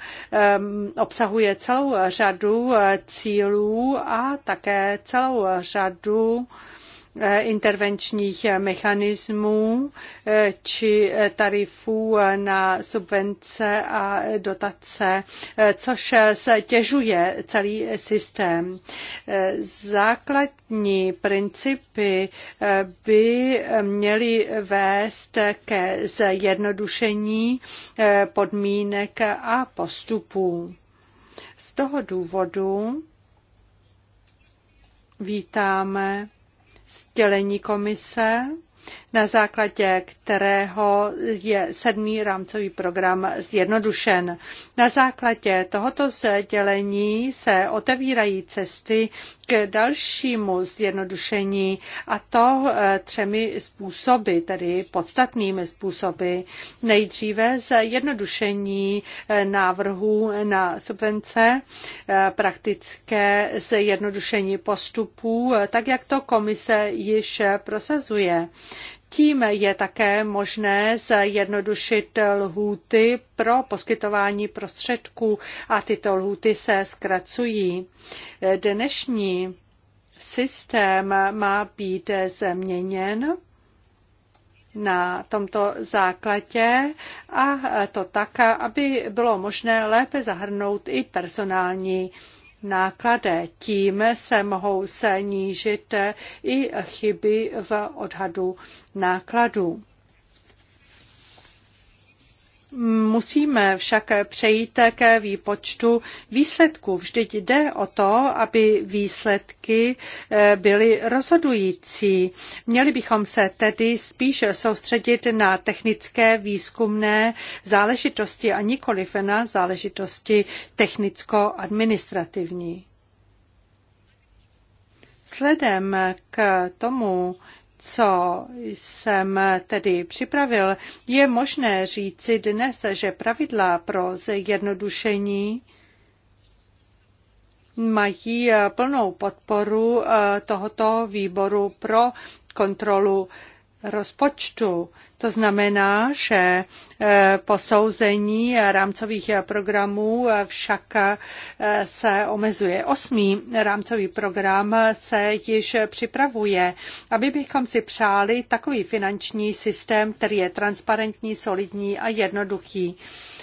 obsahuje celou řadu eh, cílů a také celou řadu intervenčních mechanismů či tarifů na subvence a dotace, což stěžuje celý systém. Základní principy by měly vést ke zjednodušení podmínek a postupů. Z toho důvodu vítáme sdělení komise na základě kterého je sedmý rámcový program zjednodušen. Na základě tohoto sdělení se otevírají cesty k dalšímu zjednodušení a to eh, třemi způsoby, tedy podstatnými způsoby. Nejdříve zjednodušení eh, návrhů na subvence, eh, praktické zjednodušení postupů, tak jak to komise již prosazuje. Tím je také možné zjednodušit lhůty pro poskytování prostředků a tyto lhůty se zkracují. Dnešní systém má být změněn na tomto základě a to tak, aby bylo možné lépe zahrnout i personální náklady. Tím se mohou snížit i chyby v odhadu nákladů. Musíme však přejít k výpočtu výsledků. Vždyť jde o to, aby výsledky eh, byly rozhodující. Měli bychom se tedy spíše soustředit na technické výzkumné záležitosti a nikoliv na záležitosti technicko-administrativní. Sledem k tomu, co jsem tedy připravil, je možné říci dnes, že pravidla pro zjednodušení mají plnou podporu eh, tohoto výboru pro kontrolu rozpočtu. To znamená, že eh, posouzení rámcových programů však eh, se omezuje. Osmý rámcový program se již připravuje, aby bychom si přáli takový finanční systém, který je transparentní, solidní a jednoduchý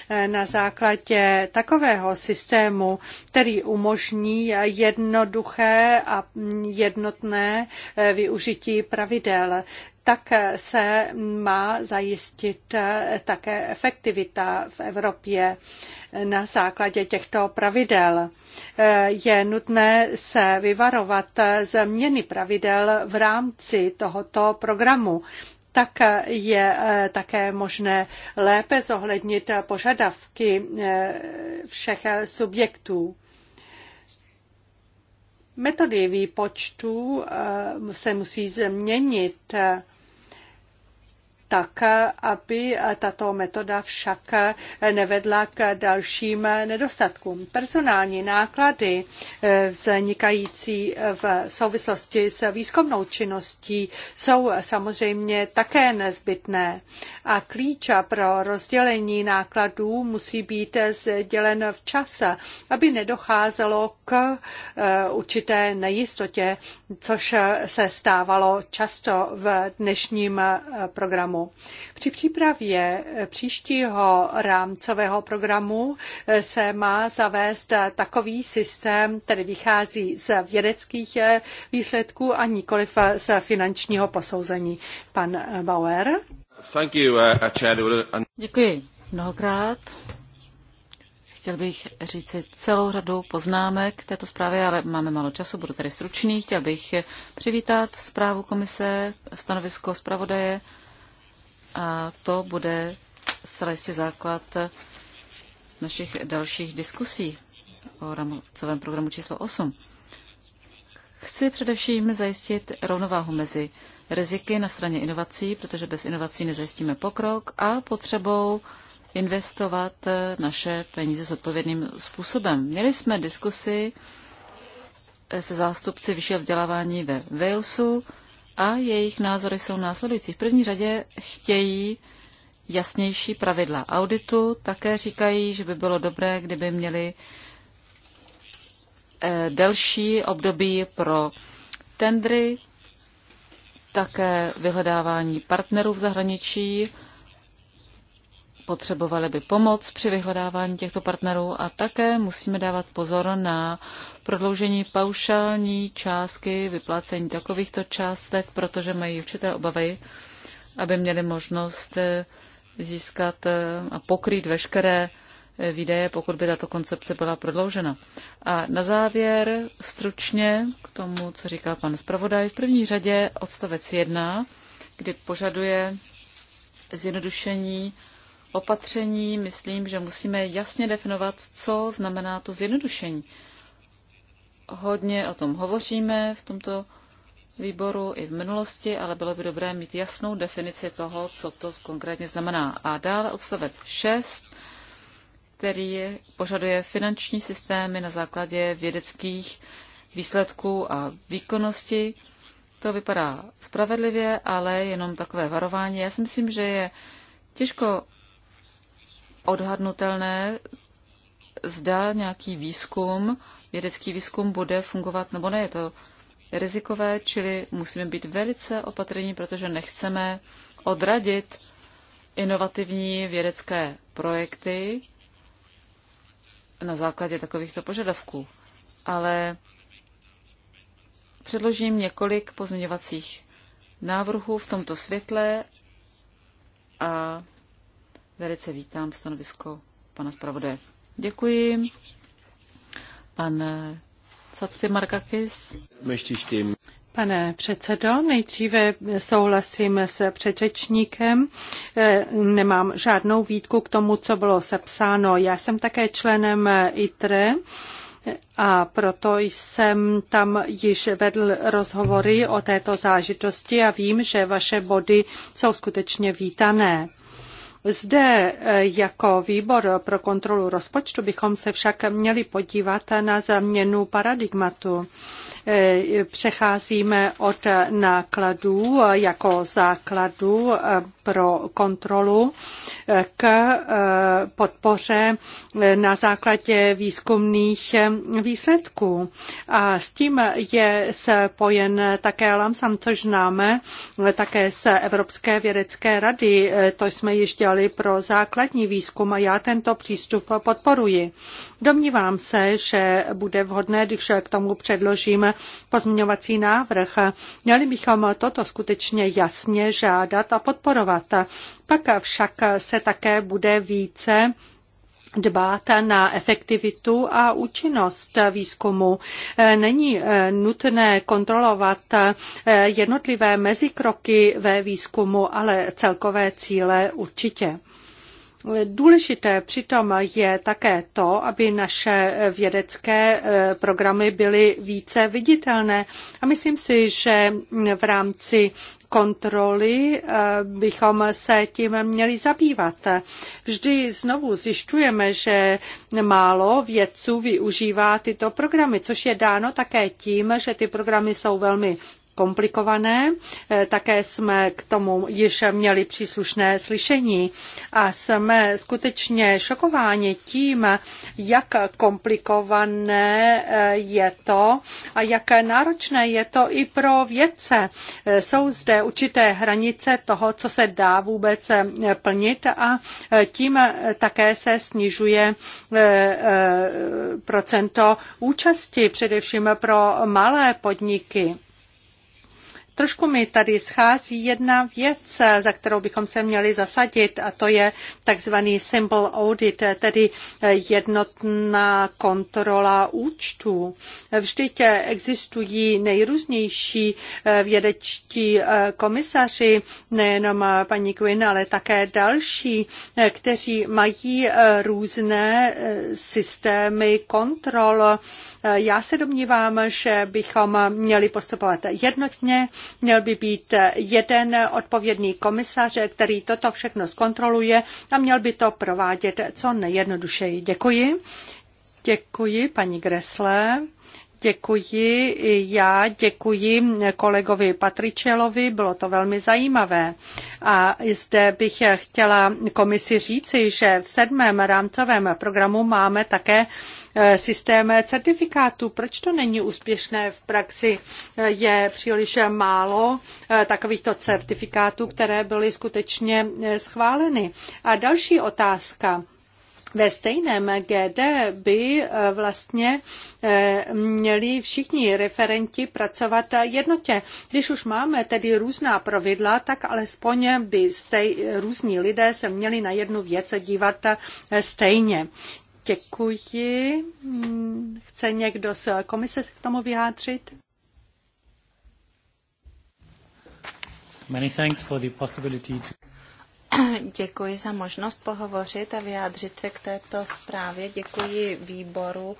eh, na základě takového systému, který umožní jednoduché a jednotné využití pravidel tak se má zajistit také efektivita v Evropě na základě těchto pravidel. Je nutné se vyvarovat změny pravidel v rámci tohoto programu tak je také možné lépe zohlednit požadavky všech subjektů. Metody výpočtu se musí změnit tak aby tato metoda však nevedla k dalším nedostatkům. Personální náklady eh, vznikající v souvislosti s výzkumnou činností jsou samozřejmě také nezbytné a klíč pro rozdělení nákladů musí být sdělen v čase, aby nedocházelo k eh, určité nejistotě, což se stávalo často v dnešním eh, programu programu. Při přípravě eh, příštího rámcového programu eh, se má zavést eh, takový systém, který vychází z vědeckých výsledků a nikoliv z
finančního posouzení. Pan Bauer. Uh, uh, Děkuji mnohokrát. Chtěl bych říci celou řadu poznámek této zprávy, ale máme málo času, budu tady stručný. Chtěl bych přivítat zprávu komise, stanovisko zpravodaje a to bude zcela jistě základ našich dalších diskusí o rámcovém programu číslo 8. Chci především zajistit rovnováhu mezi riziky na straně inovací, protože bez inovací nezajistíme pokrok a potřebou investovat naše peníze s odpovědným způsobem. Měli jsme diskusi se zástupci vyššího vzdělávání ve Walesu, a jejich názory jsou následující. V první řadě chtějí jasnější pravidla auditu, také říkají, že by bylo dobré, kdyby měli eh, delší období pro tendry, také vyhledávání partnerů v zahraničí, potřebovali by pomoc při vyhledávání těchto partnerů a také musíme dávat pozor na prodloužení paušální částky, vyplácení takovýchto částek, protože mají určité obavy, aby měli možnost eh, získat eh, a pokrýt veškeré eh, výdaje, pokud by tato koncepce byla prodloužena. A na závěr stručně k tomu, co říkal pan zpravodaj, v první řadě odstavec 1, kdy požaduje zjednodušení opatření, myslím, že musíme jasně definovat, co znamená to zjednodušení. Hodně o tom hovoříme v tomto výboru i v minulosti, ale bylo by dobré mít jasnou definici toho, co to konkrétně znamená. A dále odstavec 6, který požaduje finanční systémy na základě vědeckých výsledků a výkonnosti. To vypadá spravedlivě, ale jenom takové varování. Já si myslím, že je těžko odhadnutelné, zda nějaký výzkum, vědecký výzkum bude fungovat nebo ne. Je to rizikové, čili musíme být velice opatrní, protože nechceme odradit inovativní vědecké projekty na základě takovýchto požadavků. Ale předložím několik pozměňovacích návrhů v tomto světle a Velice vítám stanovisko pana zpravodaje. Děkuji. Pan Sapsi eh, Markakis. Pane předsedo,
nejdříve souhlasím s předřečníkem. Eh, nemám žádnou výtku k tomu, co bylo sepsáno. Já jsem také členem eh, ITRE a proto jsem tam již vedl rozhovory o této zážitosti a vím, že vaše body jsou skutečně vítané. Zde e, jako výbor pro kontrolu rozpočtu bychom se však měli podívat na změnu paradigmatu. E, přecházíme od nákladů e, jako základu pro kontrolu eh, k eh, podpoře eh, na základě výzkumných výsledků. A s tím je spojen také LAMSAM, což známe také z Evropské vědecké rady. To jsme již dělali pro základní výzkum a já tento přístup podporuji. Domnívám se, že bude vhodné, když k tomu předložím pozměňovací návrh. Měli bychom toto skutečně jasně žádat a podporovat pracovat. Pak však se také bude více dbát na efektivitu a účinnost výzkumu. Není eh, nutné kontrolovat eh, jednotlivé mezikroky ve výzkumu, ale celkové cíle určitě. Důležité přitom je také to, aby naše vědecké eh, programy byly více viditelné. A myslím si, že v rámci kontroly eh, bychom se tím měli zabývat. Vždy znovu zjišťujeme, že málo vědců využívá tyto programy, což je dáno také tím, že ty programy jsou velmi komplikované. Eh, také jsme k tomu již měli příslušné slyšení a jsme skutečně šokováni tím, jak komplikované eh, je to a jak náročné je to i pro vědce. Eh, jsou zde určité hranice toho, co se dá vůbec plnit a tím také se snižuje procento účasti, především pro malé podniky. Trošku mi tady schází jedna věc, za kterou bychom se měli zasadit, a to je takzvaný symbol audit, tedy jednotná kontrola účtů. Vždyť existují nejrůznější eh, vědečtí eh, komisaři, nejenom eh, paní Quinn, ale také další, kteří mají různé systémy kontrol. Já se domnívám, že bychom měli postupovat jednotně, Měl by být jeden odpovědný komisař, který toto všechno zkontroluje a měl by to provádět co nejjednodušeji. Děkuji. Děkuji, paní Gresle. Děkuji i já, děkuji kolegovi Patričelovi, bylo to velmi zajímavé. A zde bych chtěla komisi říci, že v sedmém rámcovém programu máme také Eh, systém certifikátů, proč to není úspěšné v praxi? Eh, je příliš málo eh, takovýchto certifikátů, které byly skutečně schváleny. A další otázka ve stejném GD by vlastně měli všichni referenti pracovat jednotě. Když už máme tedy různá pravidla, tak alespoň by stej, různí lidé se měli na jednu věc dívat stejně. Děkuji. Chce někdo z komise k tomu vyjádřit? Many thanks for the possibility to...
Děkuji za možnost pohovořit a vyjádřit se k této zprávě. Děkuji výboru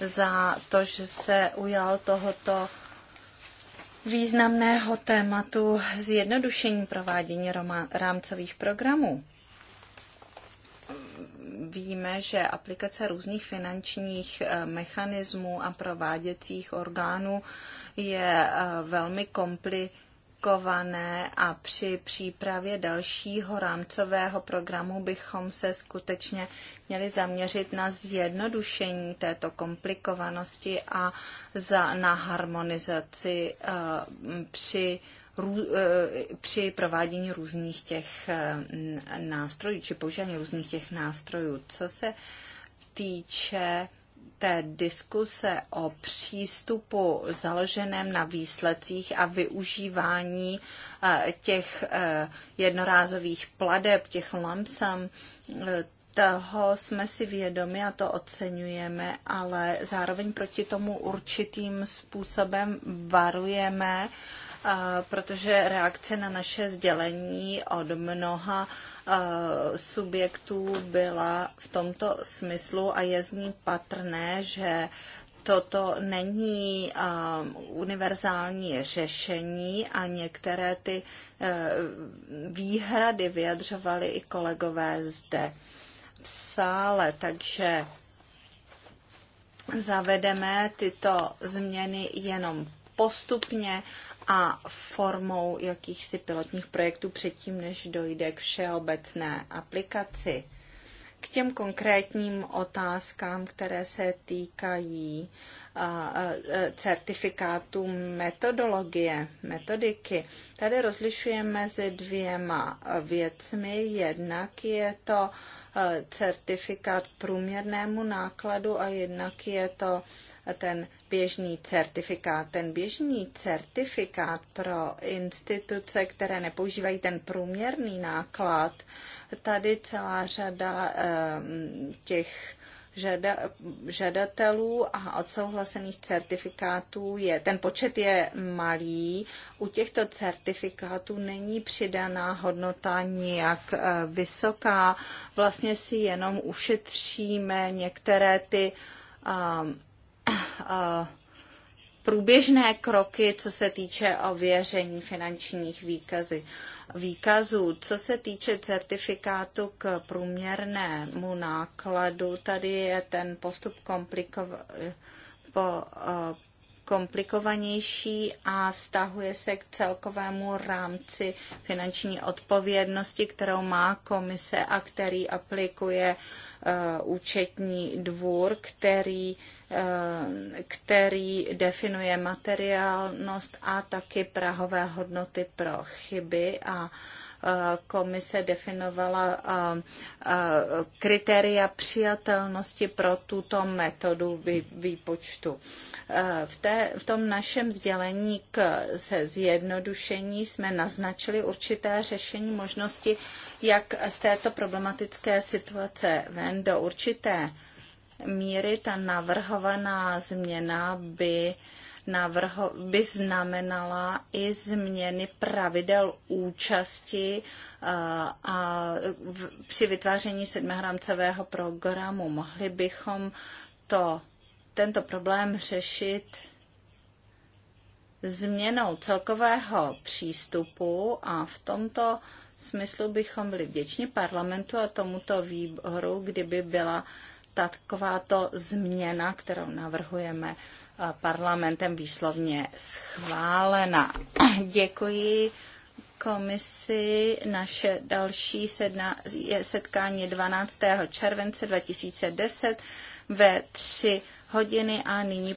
za to, že se ujal tohoto významného tématu zjednodušení provádění rámcových programů víme, že aplikace různých finančních eh, mechanismů a prováděcích orgánů je eh, velmi komplikované a při přípravě dalšího rámcového programu bychom se skutečně měli zaměřit na zjednodušení této komplikovanosti a za, na harmonizaci eh, při rů, eh, při provádění různých těch eh, nástrojů, či používání různých těch nástrojů. Co se týče té diskuse o přístupu založeném na výsledcích a využívání eh, těch jednorázových pladeb, těch lamsam, toho jsme si vědomi a to oceňujeme, ale zároveň proti tomu určitým způsobem varujeme, protože reakce na naše sdělení od mnoha subjektů byla v tomto smyslu a je z ní patrné, že toto není univerzální řešení a některé ty e, výhrady vyjadřovali i kolegové zde v sále, takže zavedeme tyto změny jenom postupně a formou jakýchsi pilotních projektů předtím, než dojde k všeobecné aplikaci. K těm konkrétním otázkám, které se týkají e, certifikátů metodologie, metodiky. Tady rozlišujeme mezi dvěma věcmi. Jednak je to e, certifikát průměrnému nákladu a jednak je to ten běžný certifikát. Ten běžný certifikát pro instituce, které nepoužívají ten průměrný náklad, tady celá řada ehm, těch žada, žadatelů a odsouhlasených certifikátů je, ten počet je malý. U těchto certifikátů není přidaná hodnota nijak eh, vysoká. Vlastně si jenom ušetříme některé ty ehm, průběžné kroky, co se týče ověření finančních výkazy, výkazů. Co se týče certifikátu k průměrnému nákladu, tady je ten postup komplikovaný. Po, komplikovanější a vztahuje se k celkovému rámci finanční odpovědnosti, kterou má komise a který aplikuje uh, účetní dvůr, který uh, Eh, který definuje materiálnost a taky prahové hodnoty pro chyby a eh, komise definovala eh, kritéria přijatelnosti pro tuto metodu výpočtu. V, té, v tom našem sdělení k, se zjednodušení jsme naznačili určité řešení možnosti, jak z této problematické situace ven do určité míry ta navrhovaná změna by navrho, by znamenala i změny pravidel účasti a, eh, a v, při vytváření sedmihrámcového programu. Mohli bychom to, tento problém řešit změnou celkového přístupu a v tomto smyslu bychom byli vděční parlamentu a tomuto výboru, kdyby byla uh, takováto změna, kterou navrhujeme eh, parlamentem, výslovně schválena. Děkuji komisi naše další sedna, setkání 12. července 2010 ve 3 hodiny a nyní